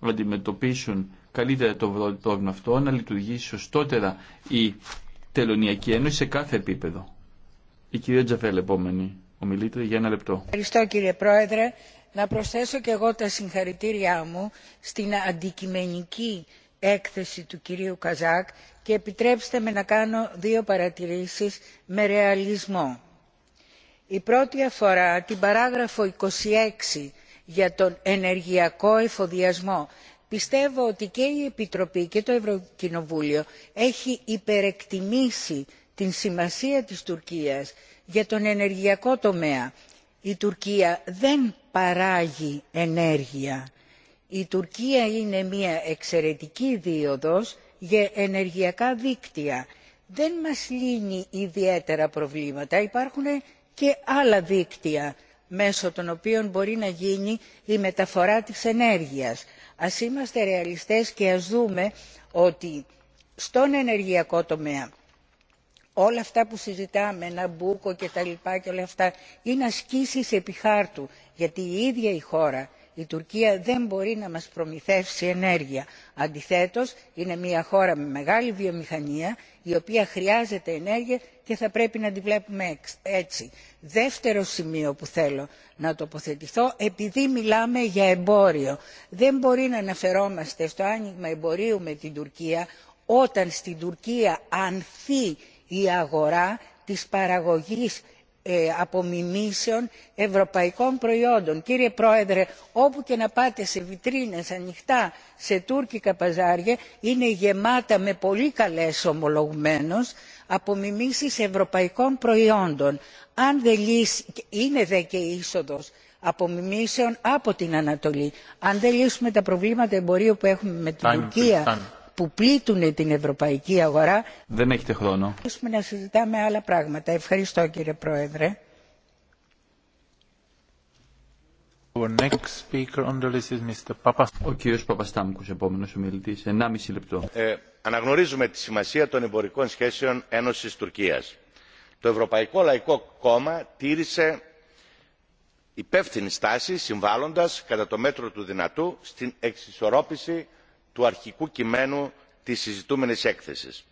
αντιμετωπίσουν καλύτερα το πρόβλημα αυτό, να λειτουργήσει σωστότερα η Τελωνιακή Ένωση σε κάθε επίπεδο. Η κυρία Τζαφέλ, επόμενη ομιλήτρια, για ένα λεπτό. Ευχαριστώ κύριε Πρόεδρε να προσθέσω και εγώ τα συγχαρητήριά μου στην αντικειμενική έκθεση του κυρίου καζακ και επιτρέψτε με να κάνω δύο παρατηρήσεις με ρεαλισμό. η πρώτη αφορά την παράγραφο 26 για τον ενεργειακό εφοδιασμό. πιστεύω ότι και η επιτροπή και το ευρωκοινοβούλιο έχει υπερεκτιμήσει την σημασία της τουρκίας για τον ενεργειακό τομέα. η τουρκία δεν παράγει ενέργεια. η τουρκία είναι μια εξαιρετική δίοδος για ενεργειακά δίκτυα. δεν μας λύνει ιδιαίτερα προβλήματα υπάρχουν και άλλα δίκτυα μέσω των οποίων μπορεί να γίνει η μεταφορά της ενέργειας. ας είμαστε ρεαλιστές και ας δούμε ότι στον ενεργειακό τομέα όλα αυτά που συζητάμε ναμπούκο και τα λοιπά και όλα αυτά είναι ασκήσεις επιχάρτου γιατί η ίδια η χώρα η τουρκία δεν μπορεί να μας προμηθεύσει ενέργεια. αντιθέτως είναι μια χώρα με μεγάλη βιομηχανία η οποία χρειάζεται ενέργεια και θα πρέπει να τη βλέπουμε έτσι. δεύτερο σημείο που θέλω να τοποθετηθώ επειδή μιλάμε για εμπόριο δεν μπορεί να αναφερόμαστε στο άνοιγμα εμπορίου με την τουρκία όταν στην τουρκία ανθεί η αγορά της παραγωγής ε, απομιμήσεων ευρωπαϊκών προϊόντων. κύριε πρόεδρε όπου και να πάτε σε βιτρίνες ανοιχτά σε τουρκικά παζάρια είναι γεμάτα με πολύ καλές ομολογουμένως απομιμήσεις ευρωπαϊκών προϊόντων. Αν είναι δε και είσοδος απομιμήσεων από την ανατολή. αν δεν λύσουμε τα προβλήματα εμπορίου που έχουμε με την τουρκία που πλήττουν την ευρωπαϊκή αγορά. Δεν έχετε χρόνο. να συζητάμε άλλα πράγματα. Ευχαριστώ κύριε Πρόεδρε. Ο κύριος Παπαστάμκος, επόμενος ομιλητής. 1,5 λεπτό. Ε, αναγνωρίζουμε τη σημασία των εμπορικών σχέσεων Ένωσης Τουρκίας. Το Ευρωπαϊκό Λαϊκό Κόμμα τήρησε υπεύθυνη στάση συμβάλλοντας κατά το μέτρο του δυνατού στην εξισορρόπηση του αρχικού κειμένου της συζητούμενης έκθεσης.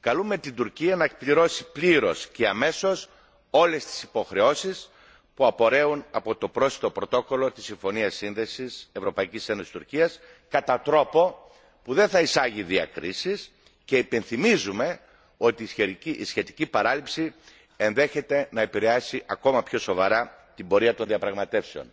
Καλούμε την Τουρκία να εκπληρώσει πλήρως και αμέσως όλες τις υποχρεώσεις που απορρέουν από το πρόσθετο πρωτόκολλο της Συμφωνίας Σύνδεσης Ευρωπαϊκής Ένωσης Τουρκίας κατά τρόπο που δεν θα εισάγει διακρίσεις και υπενθυμίζουμε ότι η σχετική παράληψη ενδέχεται να επηρεάσει ακόμα πιο σοβαρά την πορεία των διαπραγματεύσεων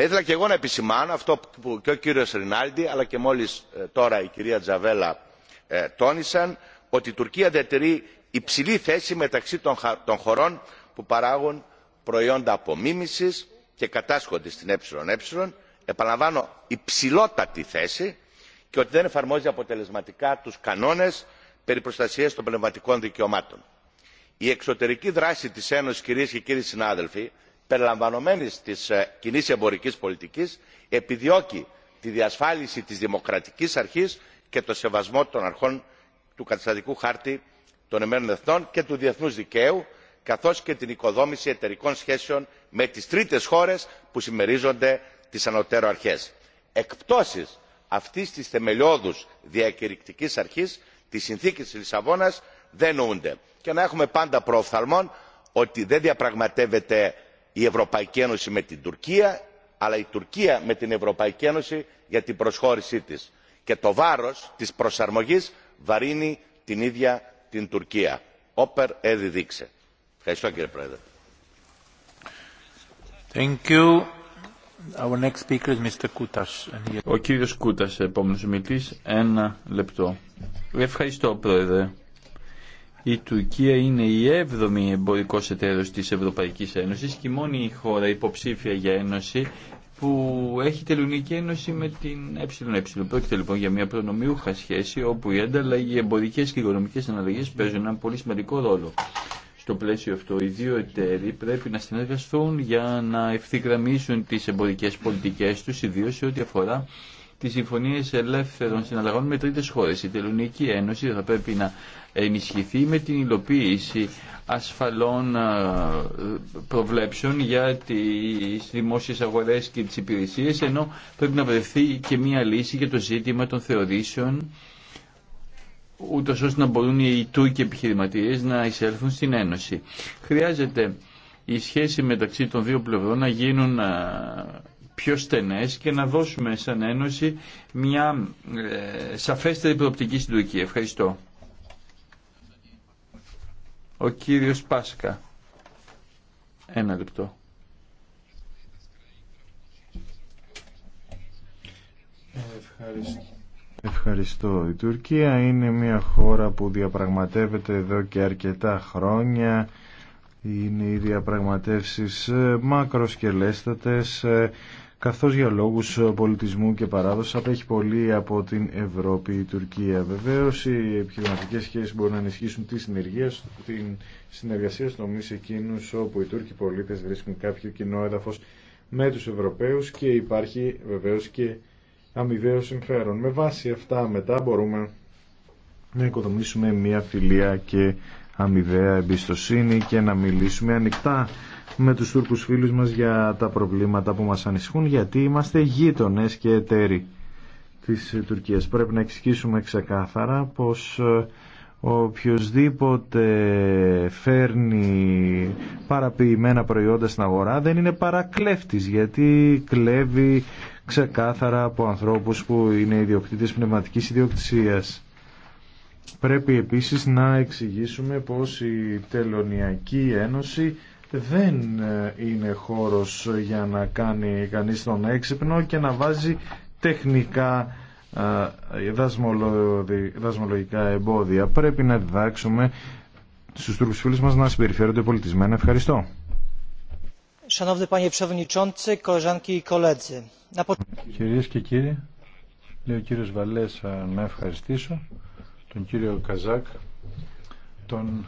θα ήθελα και εγώ να επισημάνω αυτό που και ο κύριος ρινάλντι αλλά και μόλις ε, τώρα η κυρία τζαβέλα ε, τόνισαν ότι η τουρκία διατηρεί υψηλή θέση μεταξύ των χωρών που παράγουν προϊόντα απομίμησης και κατάσχονται στην εε επαναλαμβάνω υψηλότατη θέση και ότι δεν εφαρμόζει αποτελεσματικά τους κανόνες περί προστασίας των πνευματικών δικαιωμάτων. η εξωτερική δράση της ένωσης κυρίες και κύριοι συνάδελφοι περιλαμβανομένης της ε, κοινή εμπορικής πολιτικής επιδιώκει τη διασφάλιση της δημοκρατικής αρχής και το σεβασμό των αρχών του καταστατικού χάρτη των ηνωμένων εθνών και του διεθνούς δικαίου καθώς και την οικοδόμηση εταιρικών σχέσεων με τις τρίτες χώρες που συμμερίζονται τις ανωτέρω αρχές. εκπτώσεις αυτής της θεμελιώδους διακηρυκτικής αρχής της συνθήκης της λισαβόνας δεν νοούνται. και να έχουμε πάντα προοφθαλμόν ότι δεν διαπραγματεύεται η ευρωπαϊκή ένωση με την τουρκία αλλά η τουρκία με την ευρωπαϊκή ένωση για την προσχώρησή της και το βάρος της προσαρμογής βαρύνει την ίδια την τουρκία. όπερ έδι δείξε. ευχαριστώ κύριε πρόεδρε. Thank you. Our next speaker is Mr. Ο κύριος Κούτας, επόμενος μιλής, ένα λεπτό. Ευχαριστώ, Πρόεδρε. Η Τουρκία είναι η έβδομη εμπορικός εταίρος της Ευρωπαϊκής Ένωσης και η μόνη χώρα υποψήφια για ένωση που έχει τελωνική ένωση με την ΕΕ. Πρόκειται λοιπόν για μια προνομιούχα σχέση όπου η ανταλλαγή, οι εμπορικές και οικονομικές αναλλαγές παίζουν έναν πολύ σημαντικό ρόλο. Στο πλαίσιο αυτό, οι δύο εταίροι πρέπει να συνεργαστούν για να ευθυγραμμίσουν τις εμπορικές πολιτικές τους, ιδίως σε ό,τι αφορά τι συμφωνίε ελεύθερων συναλλαγών με τρίτε χώρες. Η Τελωνική Ένωση θα πρέπει να ενισχυθεί με την υλοποίηση ασφαλών προβλέψεων για τις δημόσιες αγορές και τις υπηρεσίες, ενώ πρέπει να βρεθεί και μία λύση για το ζήτημα των θεωρήσεων, ούτω ώστε να μπορούν οι Τούρκοι επιχειρηματίες να εισέλθουν στην Ένωση. Χρειάζεται η σχέση μεταξύ των δύο πλευρών να γίνουν πιο στενές και να δώσουμε σαν Ένωση μια ε, σαφέστερη προοπτική στην Τουρκία. Ευχαριστώ. Ο κύριος Πάσκα. Ένα λεπτό. Ευχαριστώ. Ευχαριστώ. Η Τουρκία είναι μια χώρα που διαπραγματεύεται εδώ και αρκετά χρόνια. Είναι οι διαπραγματεύσεις ε, μακροσκελέστατες ε, καθώς για λόγους πολιτισμού και παράδοσης απέχει πολύ από την Ευρώπη η Τουρκία. Βεβαίως οι επιχειρηματικές σχέσεις μπορούν να ενισχύσουν τη συνεργασία, την συνεργασία στο μη εκείνους όπου οι Τούρκοι πολίτες βρίσκουν κάποιο κοινό έδαφος με τους Ευρωπαίους και υπάρχει βεβαίως και αμοιβαίο συμφέρον. Με βάση αυτά μετά μπορούμε να οικοδομήσουμε μια φιλία και αμοιβαία εμπιστοσύνη και να μιλήσουμε ανοιχτά με τους Τούρκους φίλους μας για τα προβλήματα που μας ανησυχούν γιατί είμαστε γείτονες και εταίροι της Τουρκίας. Πρέπει να εξηγήσουμε ξεκάθαρα πως ε, οποιοδήποτε φέρνει παραποιημένα προϊόντα στην αγορά δεν είναι παρακλέφτης γιατί κλέβει ξεκάθαρα από ανθρώπους που είναι ιδιοκτήτες πνευματικής ιδιοκτησίας. Πρέπει επίσης να εξηγήσουμε πως η Τελωνιακή Ένωση δεν ε, είναι χώρος για να κάνει κανείς τον έξυπνο και να βάζει τεχνικά ε, δασμολογικά εμπόδια. Πρέπει να διδάξουμε στους Τούρκους φίλους μας να συμπεριφέρονται πολιτισμένα. Ευχαριστώ. Κυρίες και κύριοι, λέει ο κύριος Βαλέσα να ευχαριστήσω τον κύριο Καζάκ, τον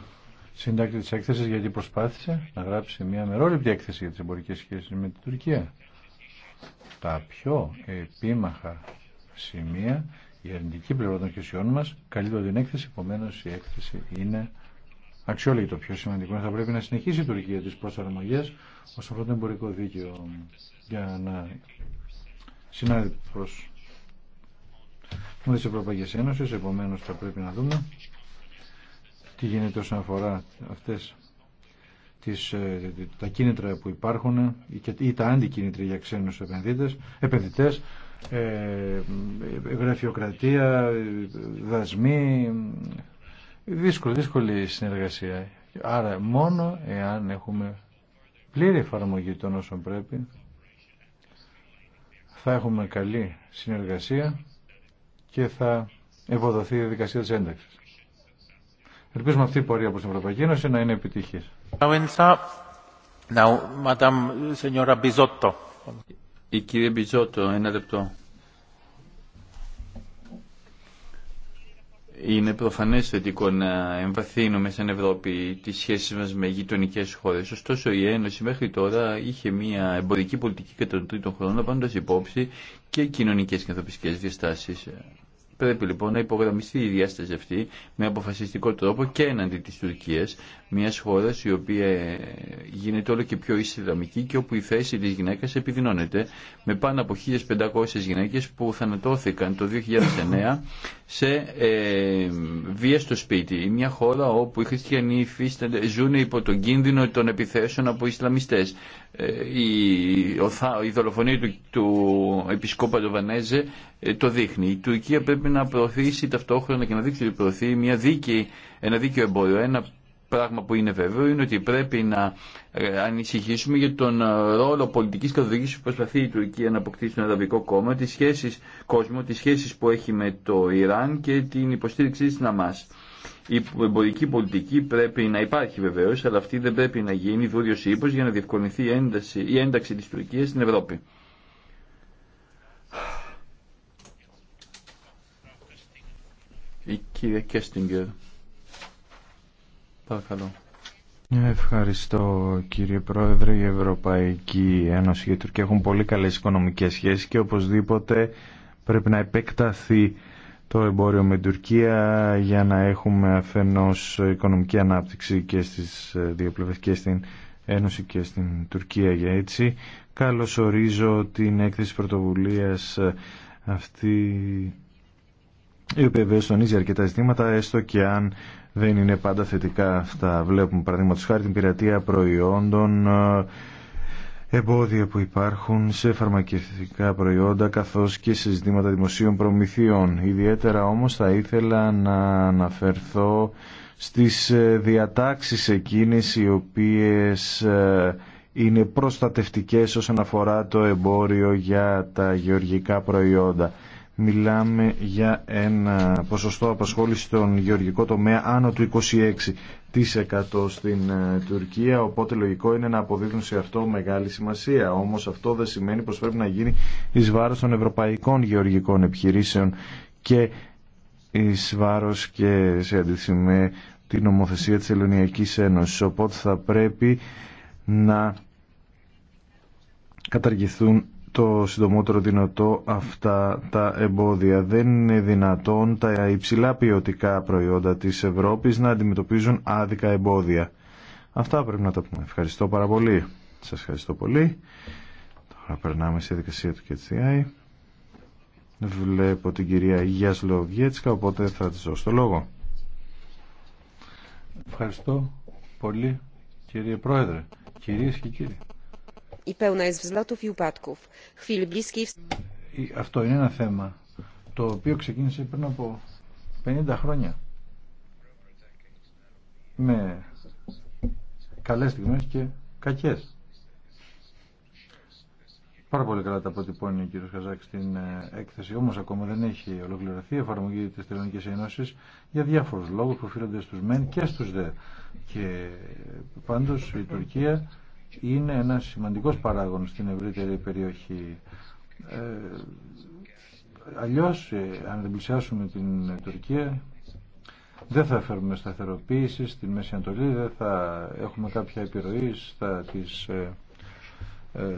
συντάκτη τη έκθεσης γιατί προσπάθησε να γράψει μια μερόληπτη έκθεση για τι εμπορικέ σχέσει με την Τουρκία. Τα πιο επίμαχα σημεία, η αρνητική πλευρά των χρησιών μας, καλύπτω την έκθεση, επομένω η έκθεση είναι αξιόλογη. Το πιο σημαντικό είναι θα πρέπει να συνεχίσει η Τουρκία τις προσαρμογές ως αυτό το εμπορικό δίκαιο για να συνάδει προς τις Ευρωπαϊκές Ένωση, επομένω θα πρέπει να δούμε τι γίνεται όσον αφορά αυτές τις, ε, τα κίνητρα που υπάρχουν ή τα αντικίνητρα για ξένους επενδυτές, επενδυτές ε, γραφειοκρατία, δασμοί, δύσκολη, συνεργασία. Άρα μόνο εάν έχουμε πλήρη εφαρμογή των όσων πρέπει θα έχουμε καλή συνεργασία και θα ευοδοθεί η διαδικασία της ένταξης. Ελπίζουμε αυτή η πορεία προς την Ευρωπαϊκή Ένωση να είναι επιτυχής. Η κυρία Μπιζότο, ένα λεπτό. Είναι προφανέ θετικό να εμβαθύνουμε σαν Ευρώπη τι σχέσει μα με γειτονικέ χώρε. Ωστόσο, η Ένωση μέχρι τώρα είχε μια εμπορική πολιτική κατά τον τρίτο χρόνο, πάντα υπόψη και κοινωνικέ και ανθρωπιστικέ διαστάσει. Πρέπει λοιπόν να υπογραμμιστεί η διάσταση αυτή με αποφασιστικό τρόπο και έναντι της Τουρκίας, μιας χώρας η οποία γίνεται όλο και πιο ισλαμική και όπου η θέση της γυναίκας επιδεινώνεται με πάνω από 1500 γυναίκες που θανατώθηκαν το 2009 σε ε, βία στο σπίτι. Μια χώρα όπου οι χριστιανοί ζουν υπό τον κίνδυνο των επιθέσεων από Ισλαμιστές. Ε, η, η δολοφονία του, του Βανέζε ε, το δείχνει. Η Τουρκία πρέπει να προωθήσει ταυτόχρονα και να δείξει ότι προωθεί μια δίκη, ένα δίκαιο εμπόριο. Ένα πράγμα που είναι βέβαιο είναι ότι πρέπει να ε, ανησυχήσουμε για τον ε, ρόλο πολιτική καθοδήγηση που προσπαθεί η Τουρκία να αποκτήσει στον Αραβικό κόμμα, τι σχέσει κόσμο, τι σχέσει που έχει με το Ιράν και την υποστήριξή τη Ναμά. Η εμπορική πολιτική πρέπει να υπάρχει βεβαίω, αλλά αυτή δεν πρέπει να γίνει δούριο ύπο για να διευκολυνθεί η ένταξη τη Τουρκία στην Ευρώπη. Κέστιγκερ. Παρακαλώ. Ευχαριστώ κύριε Πρόεδρε. Η Ευρωπαϊκή Ένωση και η Τουρκία έχουν πολύ καλές οικονομικές σχέσεις και οπωσδήποτε πρέπει να επεκταθεί το εμπόριο με την Τουρκία για να έχουμε αφενός οικονομική ανάπτυξη και στις δύο πλευρές και στην Ένωση και στην Τουρκία για έτσι. Καλώς ορίζω την έκθεση πρωτοβουλίας αυτή η οποία βέβαια τονίζει αρκετά ζητήματα, έστω και αν δεν είναι πάντα θετικά αυτά. Βλέπουμε Παραδείγματο χάρη την πειρατεία προϊόντων, ε, εμπόδια που υπάρχουν σε φαρμακευτικά προϊόντα καθώς και σε ζητήματα δημοσίων προμηθειών. Ιδιαίτερα όμως θα ήθελα να αναφερθώ στις ε, διατάξεις εκείνες οι οποίες ε, είναι προστατευτικές όσον αφορά το εμπόριο για τα γεωργικά προϊόντα μιλάμε για ένα ποσοστό απασχόληση στον γεωργικό τομέα άνω του 26% στην ε, Τουρκία, οπότε λογικό είναι να αποδίδουν σε αυτό μεγάλη σημασία. Όμως αυτό δεν σημαίνει πως πρέπει να γίνει εις βάρος των ευρωπαϊκών γεωργικών επιχειρήσεων και εις βάρος και σε αντίθεση με την νομοθεσία της Ελληνιακής Ένωσης. Οπότε θα πρέπει να καταργηθούν το συντομότερο δυνατό αυτά τα εμπόδια. Δεν είναι δυνατόν τα υψηλά ποιοτικά προϊόντα της Ευρώπης να αντιμετωπίζουν άδικα εμπόδια. Αυτά πρέπει να τα πούμε. Ευχαριστώ πάρα πολύ. Σας ευχαριστώ πολύ. Τώρα περνάμε στη δικασία του KTI. Βλέπω την κυρία Γιάς Λοβιέτσκα, οπότε θα της δώσω το λόγο. Ευχαριστώ πολύ κύριε Πρόεδρε, κυρίες και κύριοι. Αυτό είναι ένα θέμα το οποίο ξεκίνησε πριν από 50 χρόνια με καλές στιγμές και κακές. Πάρα πολύ καλά τα αποτυπώνει ο κ. Χαζάκη στην ε, έκθεση, όμω ακόμα δεν έχει ολοκληρωθεί η εφαρμογή τη Τελωνική Ένωση για διάφορου λόγου που οφείλονται στου μεν και στου δε. Και πάντω η Τουρκία είναι ένας σημαντικός παράγων στην ευρύτερη περιοχή. Ε, αλλιώς, ε, αν δεν πλησιάσουμε την Τουρκία, δεν θα φέρουμε σταθεροποίηση στην Μέση Ανατολή, δεν θα έχουμε κάποια επιρροή στα της ε, ε,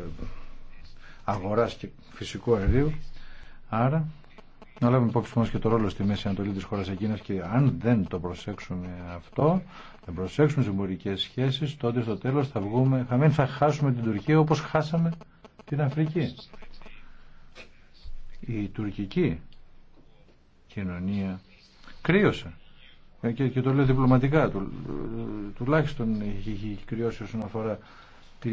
αγοράς και φυσικού αερίου. Άρα να λάβουμε υπόψη μα και το ρόλο στη Μέση Ανατολή τη χώρα εκείνα και αν δεν το προσέξουμε αυτό, δεν προσέξουμε τι εμπορικέ σχέσει, τότε στο τέλο θα βγούμε, θα μην θα χάσουμε την Τουρκία όπω χάσαμε την Αφρική. Η τουρκική κοινωνία κρύωσε. Ε, και, και το λέω διπλωματικά, τουλάχιστον έχει κρυώσει όσον αφορά τη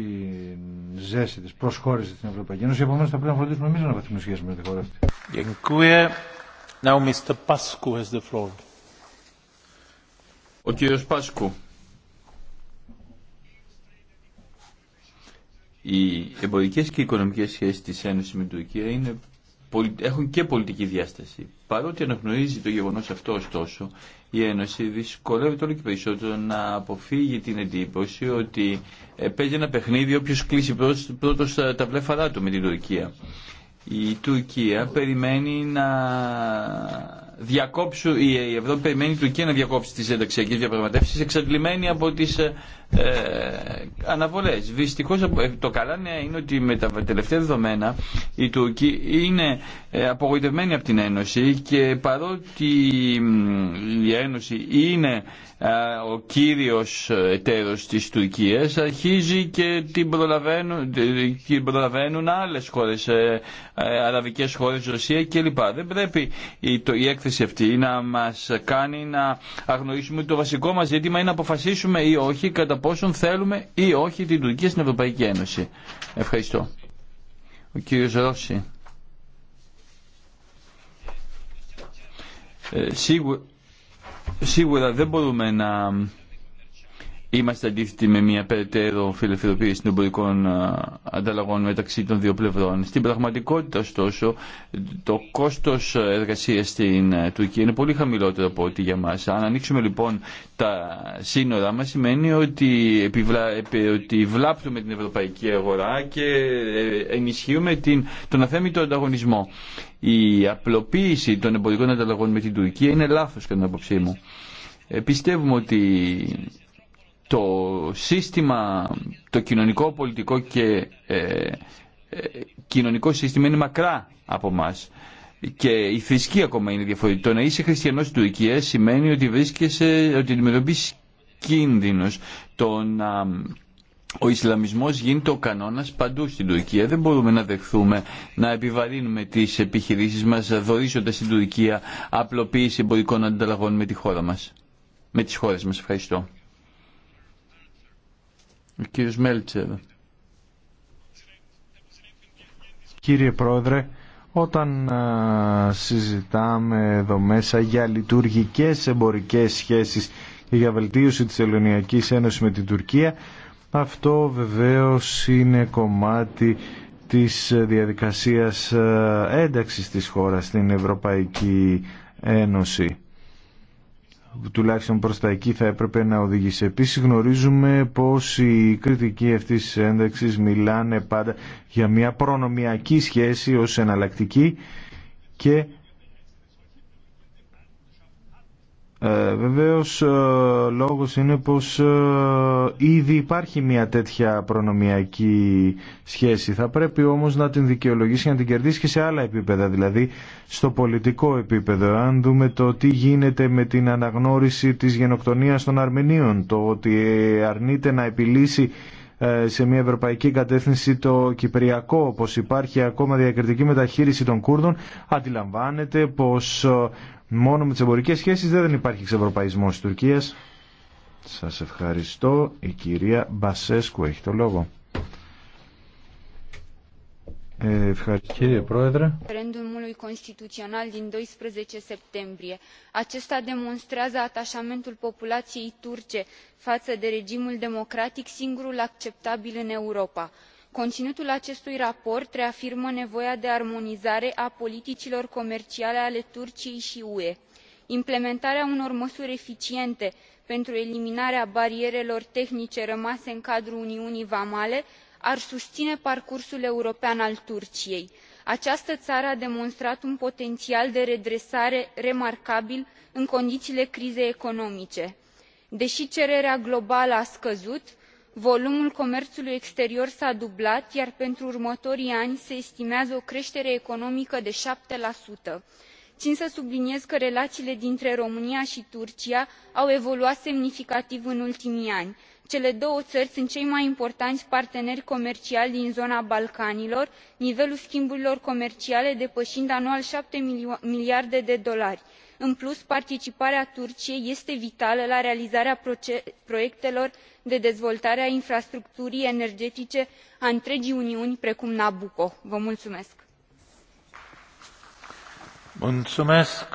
ζέση της προσχώρησης στην Ευρωπαϊκή Ένωση. Επομένως θα πρέπει να φροντίσουμε εμείς να βαθμίσουμε σχέση με τη χώρα αυτή. Now Mr. has the floor. Ο κύριο Πάσκου. Οι εμπορικές και οικονομικές σχέσεις της Ένωσης με την Τουρκία είναι, έχουν και πολιτική διάσταση. Παρότι αναγνωρίζει το γεγονός αυτό ωστόσο, η Ένωση δυσκολεύεται όλο και περισσότερο να αποφύγει την εντύπωση ότι ε, παίζει ένα παιχνίδι όποιο κλείσει πρώτο τα βλέφαρά του με την Τουρκία η Τουρκία περιμένει να διακόψει η Ευρώπη περιμένει η Τουρκία να διακόψει τις ενταξιακές διαπραγματεύσεις εξαντλημένη από τις ε, ε, Αναβολέ. Δυστυχώ ε, το καλά νέα είναι ότι με τα τελευταία δεδομένα η Τουρκία είναι ε, απογοητευμένοι από την Ένωση και παρότι η Ένωση είναι ο κύριος εταίρος της Τουρκίας αρχίζει και την προλαβαίνουν, την προλαβαίνουν άλλες χώρες, αραβικές χώρες, Ρωσία κλπ. Δεν πρέπει η έκθεση αυτή να μας κάνει να αγνοήσουμε το βασικό μας ζήτημα είναι να αποφασίσουμε ή όχι κατά πόσον θέλουμε ή όχι την Τουρκία στην Ευρωπαϊκή Ένωση. Ευχαριστώ. Ο κύριος Ρώση. Ε, σίγου, σίγουρα δεν μπορούμε να Είμαστε αντίθετοι με μια περαιτέρω φιλελευθερωποίηση των εμπορικών ανταλλαγών μεταξύ των δύο πλευρών. Στην πραγματικότητα, ωστόσο, το κόστο εργασία στην ε, Τουρκία είναι πολύ χαμηλότερο από ό,τι για μα. Αν ανοίξουμε λοιπόν τα σύνορα μα, σημαίνει ότι, επιβλα... ότι βλάπτουμε την ευρωπαϊκή αγορά και ε, ενισχύουμε την... τον αθέμητο ανταγωνισμό. Η απλοποίηση των εμπορικών ανταλλαγών με την Τουρκία είναι λάθο, κατά την άποψή μου. Ε, πιστεύουμε ότι το σύστημα, το κοινωνικό, πολιτικό και ε, ε, κοινωνικό σύστημα είναι μακρά από εμά. Και η θρησκεία ακόμα είναι διαφορετική. Το να είσαι χριστιανός στην Τουρκία σημαίνει ότι βρίσκεσαι, ότι αντιμετωπίζει κίνδυνος. Το να ο Ισλαμισμός γίνεται ο κανόνας παντού στην Τουρκία. Δεν μπορούμε να δεχθούμε να επιβαρύνουμε τις επιχειρήσεις μας δορίζοντας στην Τουρκία απλοποίηση εμπορικών ανταλλαγών με τη χώρα μας. Με τις χώρες μας. Ευχαριστώ. Κύριε Πρόεδρε, όταν συζητάμε εδώ μέσα για λειτουργικές εμπορικές σχέσεις και για βελτίωση της Ελληνιακής Ένωσης με την Τουρκία, αυτό βεβαίως είναι κομμάτι της διαδικασίας ένταξης της χώρας στην Ευρωπαϊκή Ένωση τουλάχιστον προς τα εκεί θα έπρεπε να οδηγήσει. Επίσης γνωρίζουμε πως οι κριτικοί αυτής της ένταξης μιλάνε πάντα για μια προνομιακή σχέση ως εναλλακτική και Ε, βεβαίως ε, λόγος είναι πως ε, ήδη υπάρχει μια τέτοια προνομιακή σχέση. Θα πρέπει όμως να την δικαιολογήσει και να την κερδίσει και σε άλλα επίπεδα, δηλαδή στο πολιτικό επίπεδο. Αν δούμε το τι γίνεται με την αναγνώριση της γενοκτονίας των Αρμενίων, το ότι ε, αρνείται να επιλύσει σε μια ευρωπαϊκή κατεύθυνση το Κυπριακό, όπως υπάρχει ακόμα διακριτική μεταχείριση των Κούρδων, αντιλαμβάνεται πως Μόνο με τι εμπορικέ σχέσεις δεν υπάρχει ξευρωπαϊσμό τη Τουρκία. Σας ευχαριστώ. Η κυρία Μπασέσκου έχει το λόγο. Ε, ευχαριστώ. Κύριε Πρόεδρε. 12 Acesta demonstrează turce față de regimul democratic, singurul acceptabil în Europa coninutul acestui raport reafirmă nevoia de armonizare a politicilor comerciale ale turciei și ue. implementarea unor măsuri eficiente pentru eliminarea barierelor tehnice rămase în cadrul uniunii vamale ar susține parcursul european al turciei. această țară a demonstrat un potențial de redresare remarcabil în condiiile crizei economice. deși cererea globală a scăzut volumul comerului exterior s a dublat iar pentru următorii ani se estimează o cretere economică de. șapte in să subliniez că relaiile dintre românia i turcia au evoluat semnificativ în ultimii ani. cele două ări sunt cei mai importani parteneri comerciali din zona balcanilor nivelul schimburilor comerciale depăind anual șapte miliarde de dolari în plus participarea turciei este vitală la realizarea proiectelor de dezvoltare a infrastructurii energetice a întregii uniuni precum nabucco. Vă mulțumesc. Mulțumesc,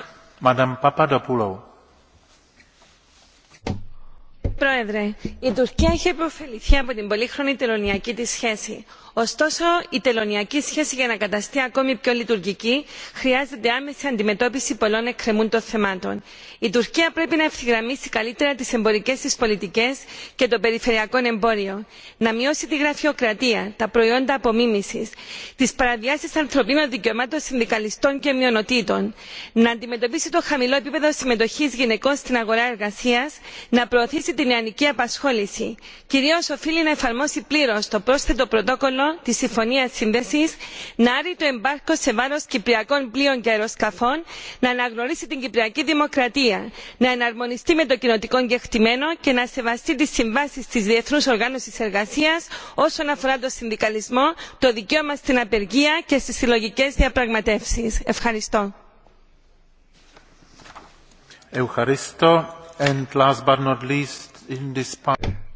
Πρόεδρε, η Τουρκία έχει υποφεληθεί από την πολύχρονη τελωνιακή τη σχέση. Ωστόσο, η τελωνιακή σχέση για να καταστεί ακόμη πιο λειτουργική χρειάζεται άμεση αντιμετώπιση πολλών εκκρεμούν των θεμάτων. Η Τουρκία πρέπει να ευθυγραμμίσει καλύτερα τι εμπορικέ τη πολιτικέ και το περιφερειακό εμπόριο, να μειώσει τη γραφειοκρατία, τα προϊόντα απομίμηση, τι παραβιάσει ανθρωπίνων δικαιωμάτων συνδικαλιστών και μειονοτήτων, να αντιμετωπίσει το χαμηλό επίπεδο συμμετοχή γυναικών στην αγορά εργασία, να προωθήσει τη την νεανική απασχόληση. κυρίω οφείλει να εφαρμόσει πλήρω το πρόσθετο πρωτόκολλο τη συμφωνία σύνδεση να άρει το εμπάρκο σε βάρο κυπριακών πλοίων και αεροσκαφών να αναγνωρίσει την κυπριακή δημοκρατία να εναρμονιστεί με το κοινοτικό κεκτημένο και να σεβαστεί τι συμβάσει τη διεθνού οργάνωση εργασία όσον αφορά το συνδικαλισμό το δικαίωμα στην απεργία και στι συλλογικέ διαπραγματεύσει. ευχαριστώ.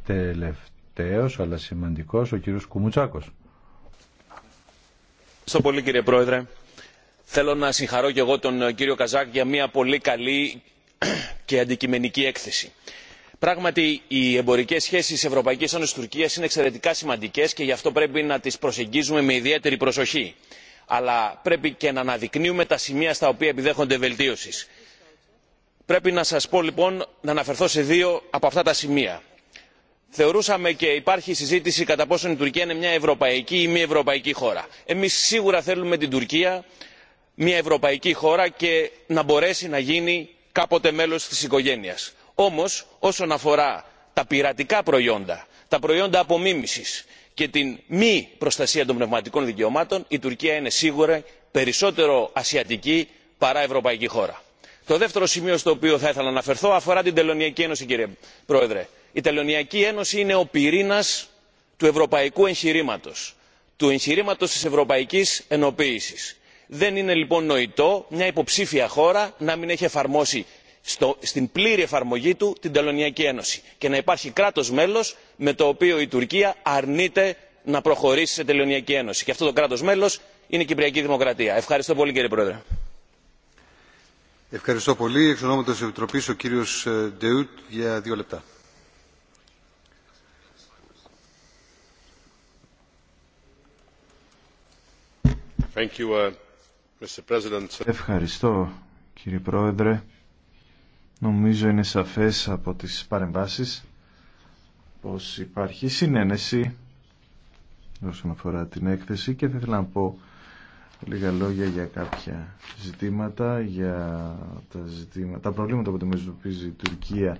Τελευταίος, αλλά σημαντικός, ο κύριος Κουμουτσάκος. Ευχαριστώ πολύ κύριε Πρόεδρε. Θέλω να συγχαρώ και εγώ τον ε, κύριο Καζάκ για μια πολύ καλή και αντικειμενική έκθεση. Πράγματι, οι εμπορικέ σχέσει Ευρωπαϊκή Ένωση Τουρκία είναι εξαιρετικά σημαντικέ και γι' αυτό πρέπει να τι προσεγγίζουμε με ιδιαίτερη προσοχή. Αλλά πρέπει και να αναδεικνύουμε τα σημεία στα οποία επιδέχονται βελτίωση πρέπει να σας πω λοιπόν να αναφερθώ σε δύο από αυτά τα σημεία. θεωρούσαμε και υπάρχει συζήτηση κατά πόσον η τουρκία είναι μια ευρωπαϊκή ή μη ευρωπαϊκή χώρα. εμείς σίγουρα θέλουμε την τουρκία μια ευρωπαϊκή χώρα και να μπορέσει να γίνει κάποτε μέλος της οικογένειας. όμως όσον αφορά τα πειρατικά προϊόντα τα προϊόντα απομίμησης και την μη προστασία των πνευματικών δικαιωμάτων η τουρκία είναι σίγουρα περισσότερο ασιατική παρά ευρωπαϊκή χώρα το δεύτερο σημείο στο οποίο θα ήθελα να αναφερθώ αφορά την τελωνειακή ένωση κύριε πρόεδρε. η τελωνειακή ένωση είναι ο πυρήνας του ευρωπαϊκού εγχειρήματος του εγχειρήματος της ευρωπαϊκής ενοποίησης. δεν είναι λοιπόν νοητό μια υποψήφια χώρα να μην έχει εφαρμόσει στην πλήρη εφαρμογή του την τελωνειακή ένωση και να υπάρχει κράτος μέλος με το οποίο η τουρκία αρνείται να προχωρήσει σε τελωνειακή ένωση και αυτό το κράτος μέλος είναι η κυπριακή δημοκρατία. ευχαριστώ πολύ κύριε πρόεδρε. Ευχαριστώ πολύ. Εξ ονόματος Επιτροπής ο κύριος ε, Ντεούτ για δύο λεπτά. Uh, Ευχαριστώ κύριε Πρόεδρε. Νομίζω είναι σαφές από τις παρεμβάσεις πως υπάρχει συνένεση όσον αφορά την έκθεση και θα ήθελα να πω λίγα λόγια για κάποια ζητήματα, για τα, ζητήματα, τα προβλήματα που αντιμετωπίζει η Τουρκία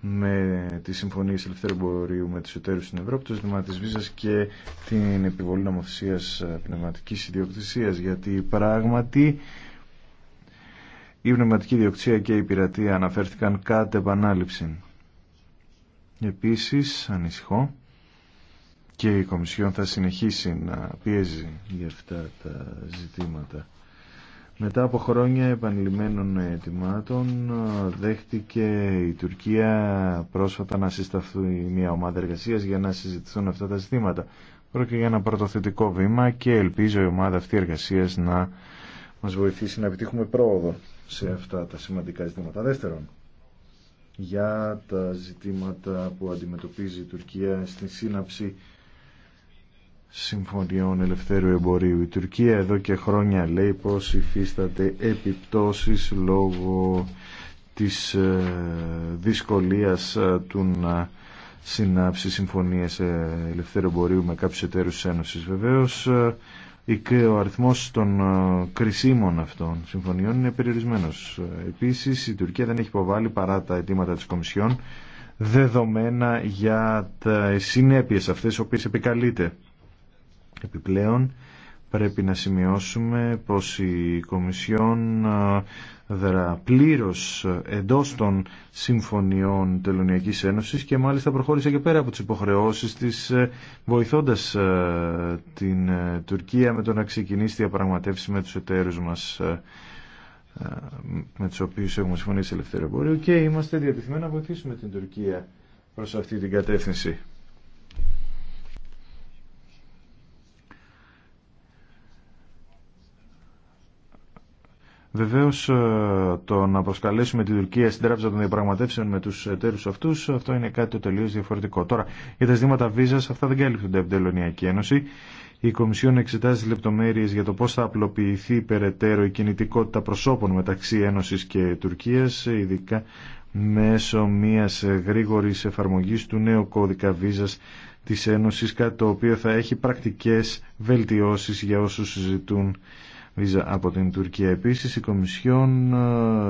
με συμφωνία συμφωνίες ελευθερού εμπορίου με του εταίρους στην Ευρώπη, το ζήτημα της βίζας και την επιβολή νομοθεσίας ε, πνευματικής ιδιοκτησίας, γιατί πράγματι η πνευματική ιδιοκτησία και η πειρατεία αναφέρθηκαν κάτω επανάληψη. Επίσης, ανησυχώ, και η Κομισιόν θα συνεχίσει να πιέζει για αυτά τα ζητήματα. Μετά από χρόνια επανειλημμένων ετοιμάτων δέχτηκε η Τουρκία πρόσφατα να συσταθεί μια ομάδα εργασίας για να συζητηθούν αυτά τα ζητήματα. Πρόκειται για ένα πρωτοθετικό βήμα και ελπίζω η ομάδα αυτή εργασίας να μας βοηθήσει να επιτύχουμε πρόοδο σε αυτά τα σημαντικά ζητήματα. Δεύτερον, για τα ζητήματα που αντιμετωπίζει η Τουρκία στην σύναψη συμφωνιών ελευθέρου εμπορίου. Η Τουρκία εδώ και χρόνια λέει πως υφίσταται επιπτώσεις λόγω της ε, δυσκολίας ε, του να συνάψει συμφωνίες ε, ελευθέρου εμπορίου με κάποιους εταίρους της Ένωσης. Βεβαίως ο αριθμός των κρισίμων αυτών συμφωνιών είναι περιορισμένος. Επίσης η Τουρκία δεν έχει υποβάλει παρά τα αιτήματα της Κομισιόν δεδομένα για τα συνέπειες αυτές οι οποίες επικαλείται. Επιπλέον, πρέπει να σημειώσουμε πως η Κομισιόν δρά πλήρως εντός των συμφωνιών Τελωνιακής Ένωσης και μάλιστα προχώρησε και πέρα από τις υποχρεώσεις της ε, βοηθώντας ε, την ε, Τουρκία με το να ξεκινήσει διαπραγματεύσει με τους εταίρους μας με τους οποίους έχουμε συμφωνήσει ελευθερία και είμαστε διατεθειμένοι να βοηθήσουμε την Τουρκία προς αυτή την κατεύθυνση. Βεβαίω, ε, το να προσκαλέσουμε την Τουρκία στην τράπεζα των διαπραγματεύσεων με του εταίρου αυτού, αυτό είναι κάτι το τελείω διαφορετικό. Τώρα, για τα ζητήματα βίζα αυτά δεν καλύπτονται από την Ελληνική Ένωση. Η Κομισιόν εξετάζει λεπτομέρειε για το πώ θα απλοποιηθεί περαιτέρω η κινητικότητα προσώπων μεταξύ Ένωση και Τουρκία, ειδικά μέσω μια γρήγορη εφαρμογή του νέου κώδικα βίζα τη Ένωση, κάτι το οποίο θα έχει πρακτικέ βελτιώσει για όσου συζητούν βίζα από την Τουρκία. Επίσης η Κομισιόν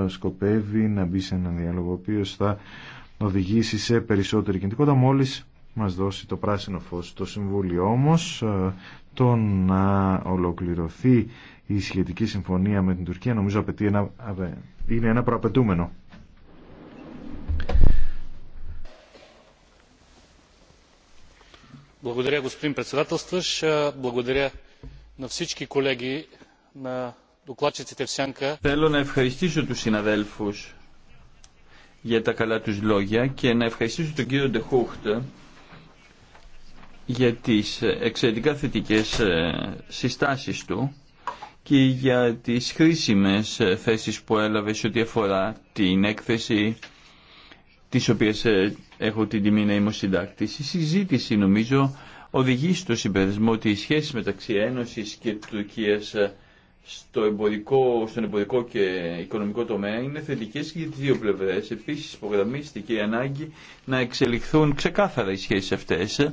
ε, σκοπεύει να μπει σε έναν διάλογο ο οποίο θα οδηγήσει σε περισσότερη κινητικότητα μόλις μας δώσει το πράσινο φως το Συμβούλιο. Όμως ε, το να ολοκληρωθεί η σχετική συμφωνία με την Τουρκία νομίζω απαιτεί ένα, είναι ένα προαπαιτούμενο. Благодаря, господин председателстваш. Благодаря на всички колеги Θέλω να ευχαριστήσω τους συναδέλφους για τα καλά τους λόγια και να ευχαριστήσω τον κύριο Ντεχούχτ για τις εξαιρετικά θετικές ε, συστάσεις του και για τις χρήσιμες ε, θέσεις που έλαβε σε ό,τι αφορά την έκθεση της οποίας ε, έχω την τιμή να είμαι Η συζήτηση νομίζω οδηγεί στο συμπερισμό ότι οι σχέσεις μεταξύ Ένωσης και Τουρκίας στο εμπορικό, στον εμπορικό και οικονομικό τομέα είναι θετικές για τις δύο πλευρές. Επίσης υπογραμμίστηκε η ανάγκη να εξελιχθούν ξεκάθαρα οι σχέσεις αυτές.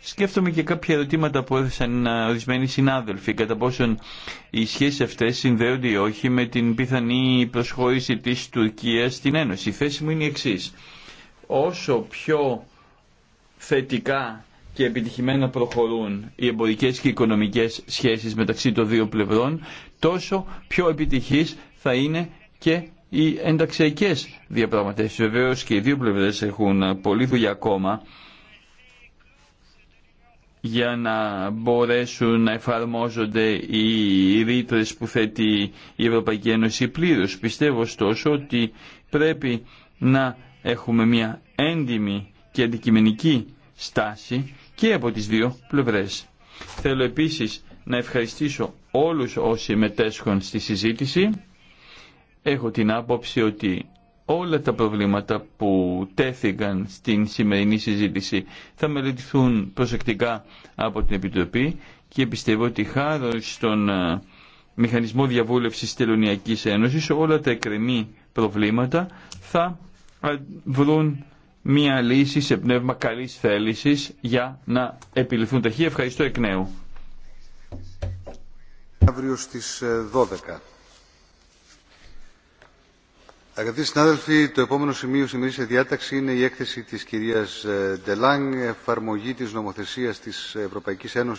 Σκέφτομαι και κάποια ερωτήματα που έθεσαν ορισμένοι συνάδελφοι κατά πόσον οι σχέσεις αυτές συνδέονται ή όχι με την πιθανή προσχώρηση της Τουρκίας στην Ένωση. Η θέση μου είναι η εξής. Όσο πιο θετικά και επιτυχημένα προχωρούν οι εμπορικές και οικονομικές σχέσεις μεταξύ των δύο πλευρών, τόσο πιο επιτυχής θα είναι και οι ενταξιακές διαπραγματεύσεις. Βεβαίως και οι δύο πλευρές έχουν πολλή δουλειά ακόμα για να μπορέσουν να εφαρμόζονται οι ρήτρε που θέτει η Ευρωπαϊκή Ένωση πλήρως. Πιστεύω ωστόσο ότι πρέπει να έχουμε μια έντιμη και αντικειμενική στάση και από τις δύο πλευρές. Θέλω επίσης να ευχαριστήσω όλους όσοι μετέσχουν στη συζήτηση. Έχω την άποψη ότι όλα τα προβλήματα που τέθηκαν στην σημερινή συζήτηση θα μελετηθούν προσεκτικά από την Επιτροπή και πιστεύω ότι χάρη στον ε, μηχανισμό διαβούλευσης Τελωνιακής Ένωσης όλα τα εκκρεμή προβλήματα θα ε, βρουν μία λύση σε πνεύμα καλής θέλησης για να επιληθούν ταχύ. Ευχαριστώ εκ νέου. Αύριο στις 12. Ε, Αγαπητοί συνάδελφοι, το επόμενο σημείο σημερινή σε διάταξη είναι η έκθεση της κυρίας ε, Ντελάνγκ, εφαρμογή της νομοθεσίας της Ευρωπαϊκής Ένωσης